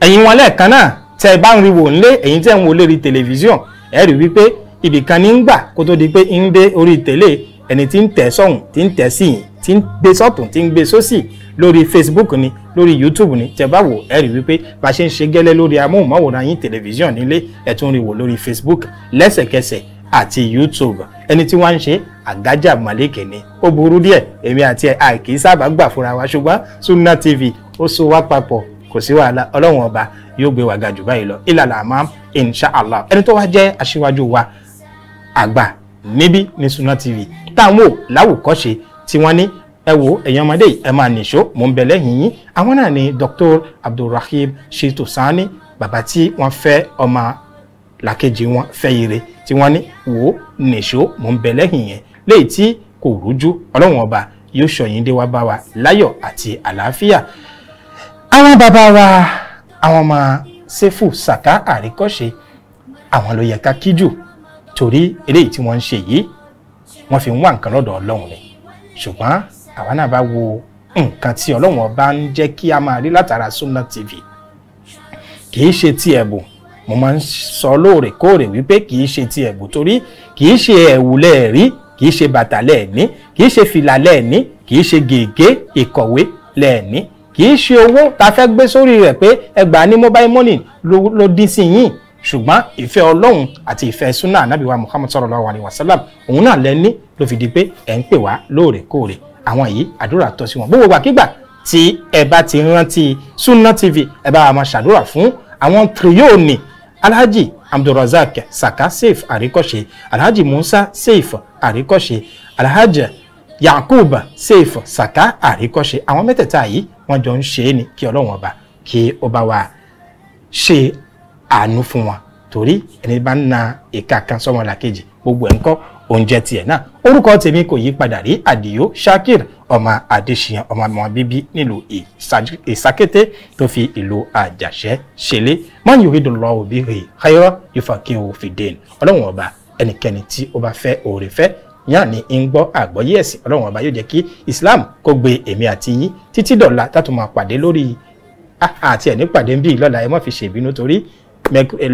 ẹ̀yin wọn lẹ́ẹ̀kan náà tẹ́ ẹ bá ń rí wò ńlé ẹ̀yin tẹ́ ń wo lérí tẹlifíṣọ̀n ẹ rí wípé ibìkan ní ń gbà kó tó di pé ń dé orí tẹ̀lé ẹni tí ń tẹ̀ sọ́hùn tí ń tẹ̀ sí yìí tí ń gbé sọ́tún tí ń gbé sósì lórí Facebook ni lórí YouTube ni tẹ́ bá wò ẹ rí wípé bá ṣe ń ṣe gẹ́lẹ́ lórí amóhùnmáwòrán yín tẹlifíṣọ̀n nílé ẹ tún rí lórí Facebook lẹ́sẹ̀kẹsẹ̀ àti YouTube ẹni tí wọ́n ń ṣe àgájà màlẹ́kẹ̀ ni ó burú díẹ̀ èmi àti ẹ̀ àìkí sábà gbà fúnra wa ṣùgbọ́n Sunna TV ó so wá papọ̀ kò sí wàhálà ọlọ́run ọba yóò gbé wa ga jù báyìí lọ ìlàlà àmọ́ insha ẹni tó wá jẹ́ aṣíwájú wa àgbà níbí ní suna TV táwọn ò láwùkọ́ṣe tí wọ́n ní ẹ wo ẹ̀yin ọmọdé ẹ máa nìṣó mò ń bẹ lẹ́yìn yín àwọn náà ni Dr. Abdulrahim Shitu Sani bàbá tí wọ́n fẹ́ ọmọ làkejì wọn fẹ́ ire tí wọ́n ní wo nìṣó mò ń bẹ lẹ́yìn yẹn léyìí tí kò rújú ọlọ́run ọba yóò ṣọ̀yìn dé wá bá wa láyọ̀ àti àlàáfíà àwọn bàbá wa àwọn ọmọ sẹ́fù sàká àríkọ́ṣe àwọn ló yẹ ká kí jù torí eléyìí tí wọ́n ń ṣe yìí wọ́n fi ń wá nǹkan lọ́dọ̀ ọlọ́run ni ṣùgbọ́n àwa náà bá wo nǹkan tí ọlọ́run ọba ń jẹ́ kí a máa rí látara Sunna TV kì í ṣe ti ẹ̀bùn mo máa ń sọ lóòrèkóòrè wípé kì í ṣe ti ẹ̀bùn torí kì í ṣe ẹ̀wù lẹ́ẹ̀rí kì ṣe bàtà lẹ́ẹ̀ní kì ṣe fìlà lẹ́ẹ̀ní kì ṣe gègé ìkọ̀wé lẹ́ẹ̀ní kì í ṣe owó tá a fẹ́ gbé sórí rẹ̀ pé ẹgbàá ní mobile money ló dín sí yín ṣùgbọ́n ìfẹ́ ọlọ́run àti ìfẹ́ súnà anábìwá muhammed sallallahu alaihi wasallam òun náà lẹ́ni ló fi di pé ẹ̀ ń pè wá lóòrèkóòrè àwọn yìí àdúrà tọ́ sí wọn gbogbo wàkígbà tí ẹ bá ti rántí súnà tv ẹ bá wa máa ṣàdúrà fún àwọn tìrìyóòní alhaji abdulrasaq saka seif àríkọ́ṣe alhaji musa seif àríkọ́ṣe alhaji yakub seif saka àríkọ́ṣe àwọn mẹ́tẹ̀ẹ̀ta yìí wọ́n jọ ń ṣe é ní kí ọlọ́run ọba kí ó bá wa ṣe àánú fún wọn torí ẹni bá ń na ìka kan sọ́mọlá kejì gbogbo ẹ̀ ń kọ́ oúnjẹ tiẹ̀ náà orúkọ tèmi kò yí padà rí àdìyó shakir ọmọ adéṣiyàn ọmọ ọmọ bíbí nílùú ìsakété tó fi ìlú àjàṣẹ ṣẹlẹ̀ man yuridullahu bihi khayran yufaqihu fid din ọlọ́run ọba ẹnikẹ́ni tí ó bá fẹ́ òòrè fẹ́ yàn ní ń gbọ́ àgbọ́yé ẹ̀sìn ọlọ́run ọba yóò jẹ́ kí islam kó gbé èmi àti yín títí dọ̀la tátù máa pàdé lórí àti ẹ̀ ní pàdé ń bí lọ́la ẹ má fi ṣèbínú torí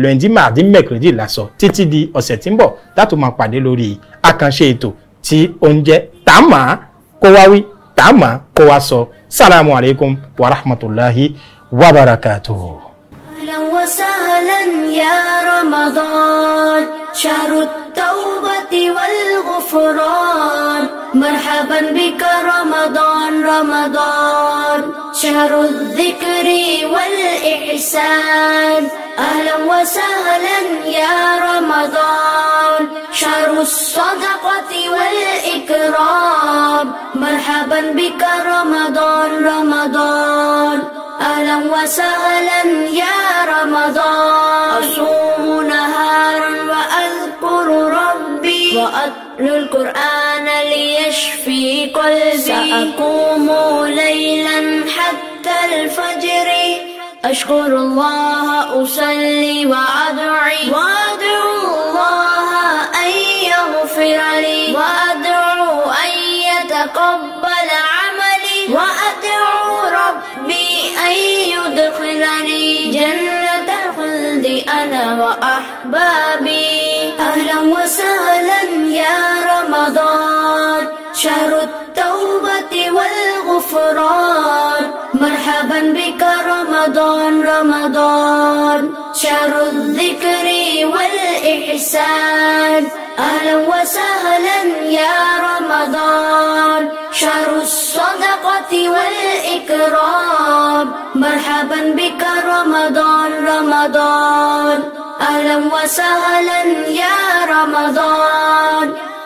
lẹ́ndínmà àti mẹ́kìrìdì lásọ títí di ọ̀sẹ̀ tí ń bọ̀ tátù máa pàdé lórí àkànṣe ètò tí ó ń jẹ́ tààmà kó wá wí tààmà kó wá sọ sàlámù alaykum wa rahmatulahi أهلا وسهلا يا رمضان شهر التوبة والغفران مرحبا بك رمضان رمضان شهر الذكر والإحسان أهلا وسهلا يا رمضان شهر الصدقة والإكرام مرحبا بك رمضان رمضان أهلا وسهلا يا رمضان أصوم وأتلو القرآن ليشفي قلبي سأقوم ليلا حتى الفجر أشكر الله أصلي وأدعي وأدعو الله أن يغفر لي وأدعو أن يتقبل عملي وأدعو ربي أن يدخلني جنة الخلد أنا وأحبابي وسهلا يا رمضان شهر التوبة والغفران مرحبا بك رمضان رمضان شهر الذكر والإحسان أهلا وسهلا يا رمضان شهر الصدقة والإكرام مرحبا بك رمضان رمضان أهلا وسهلا يا رمضان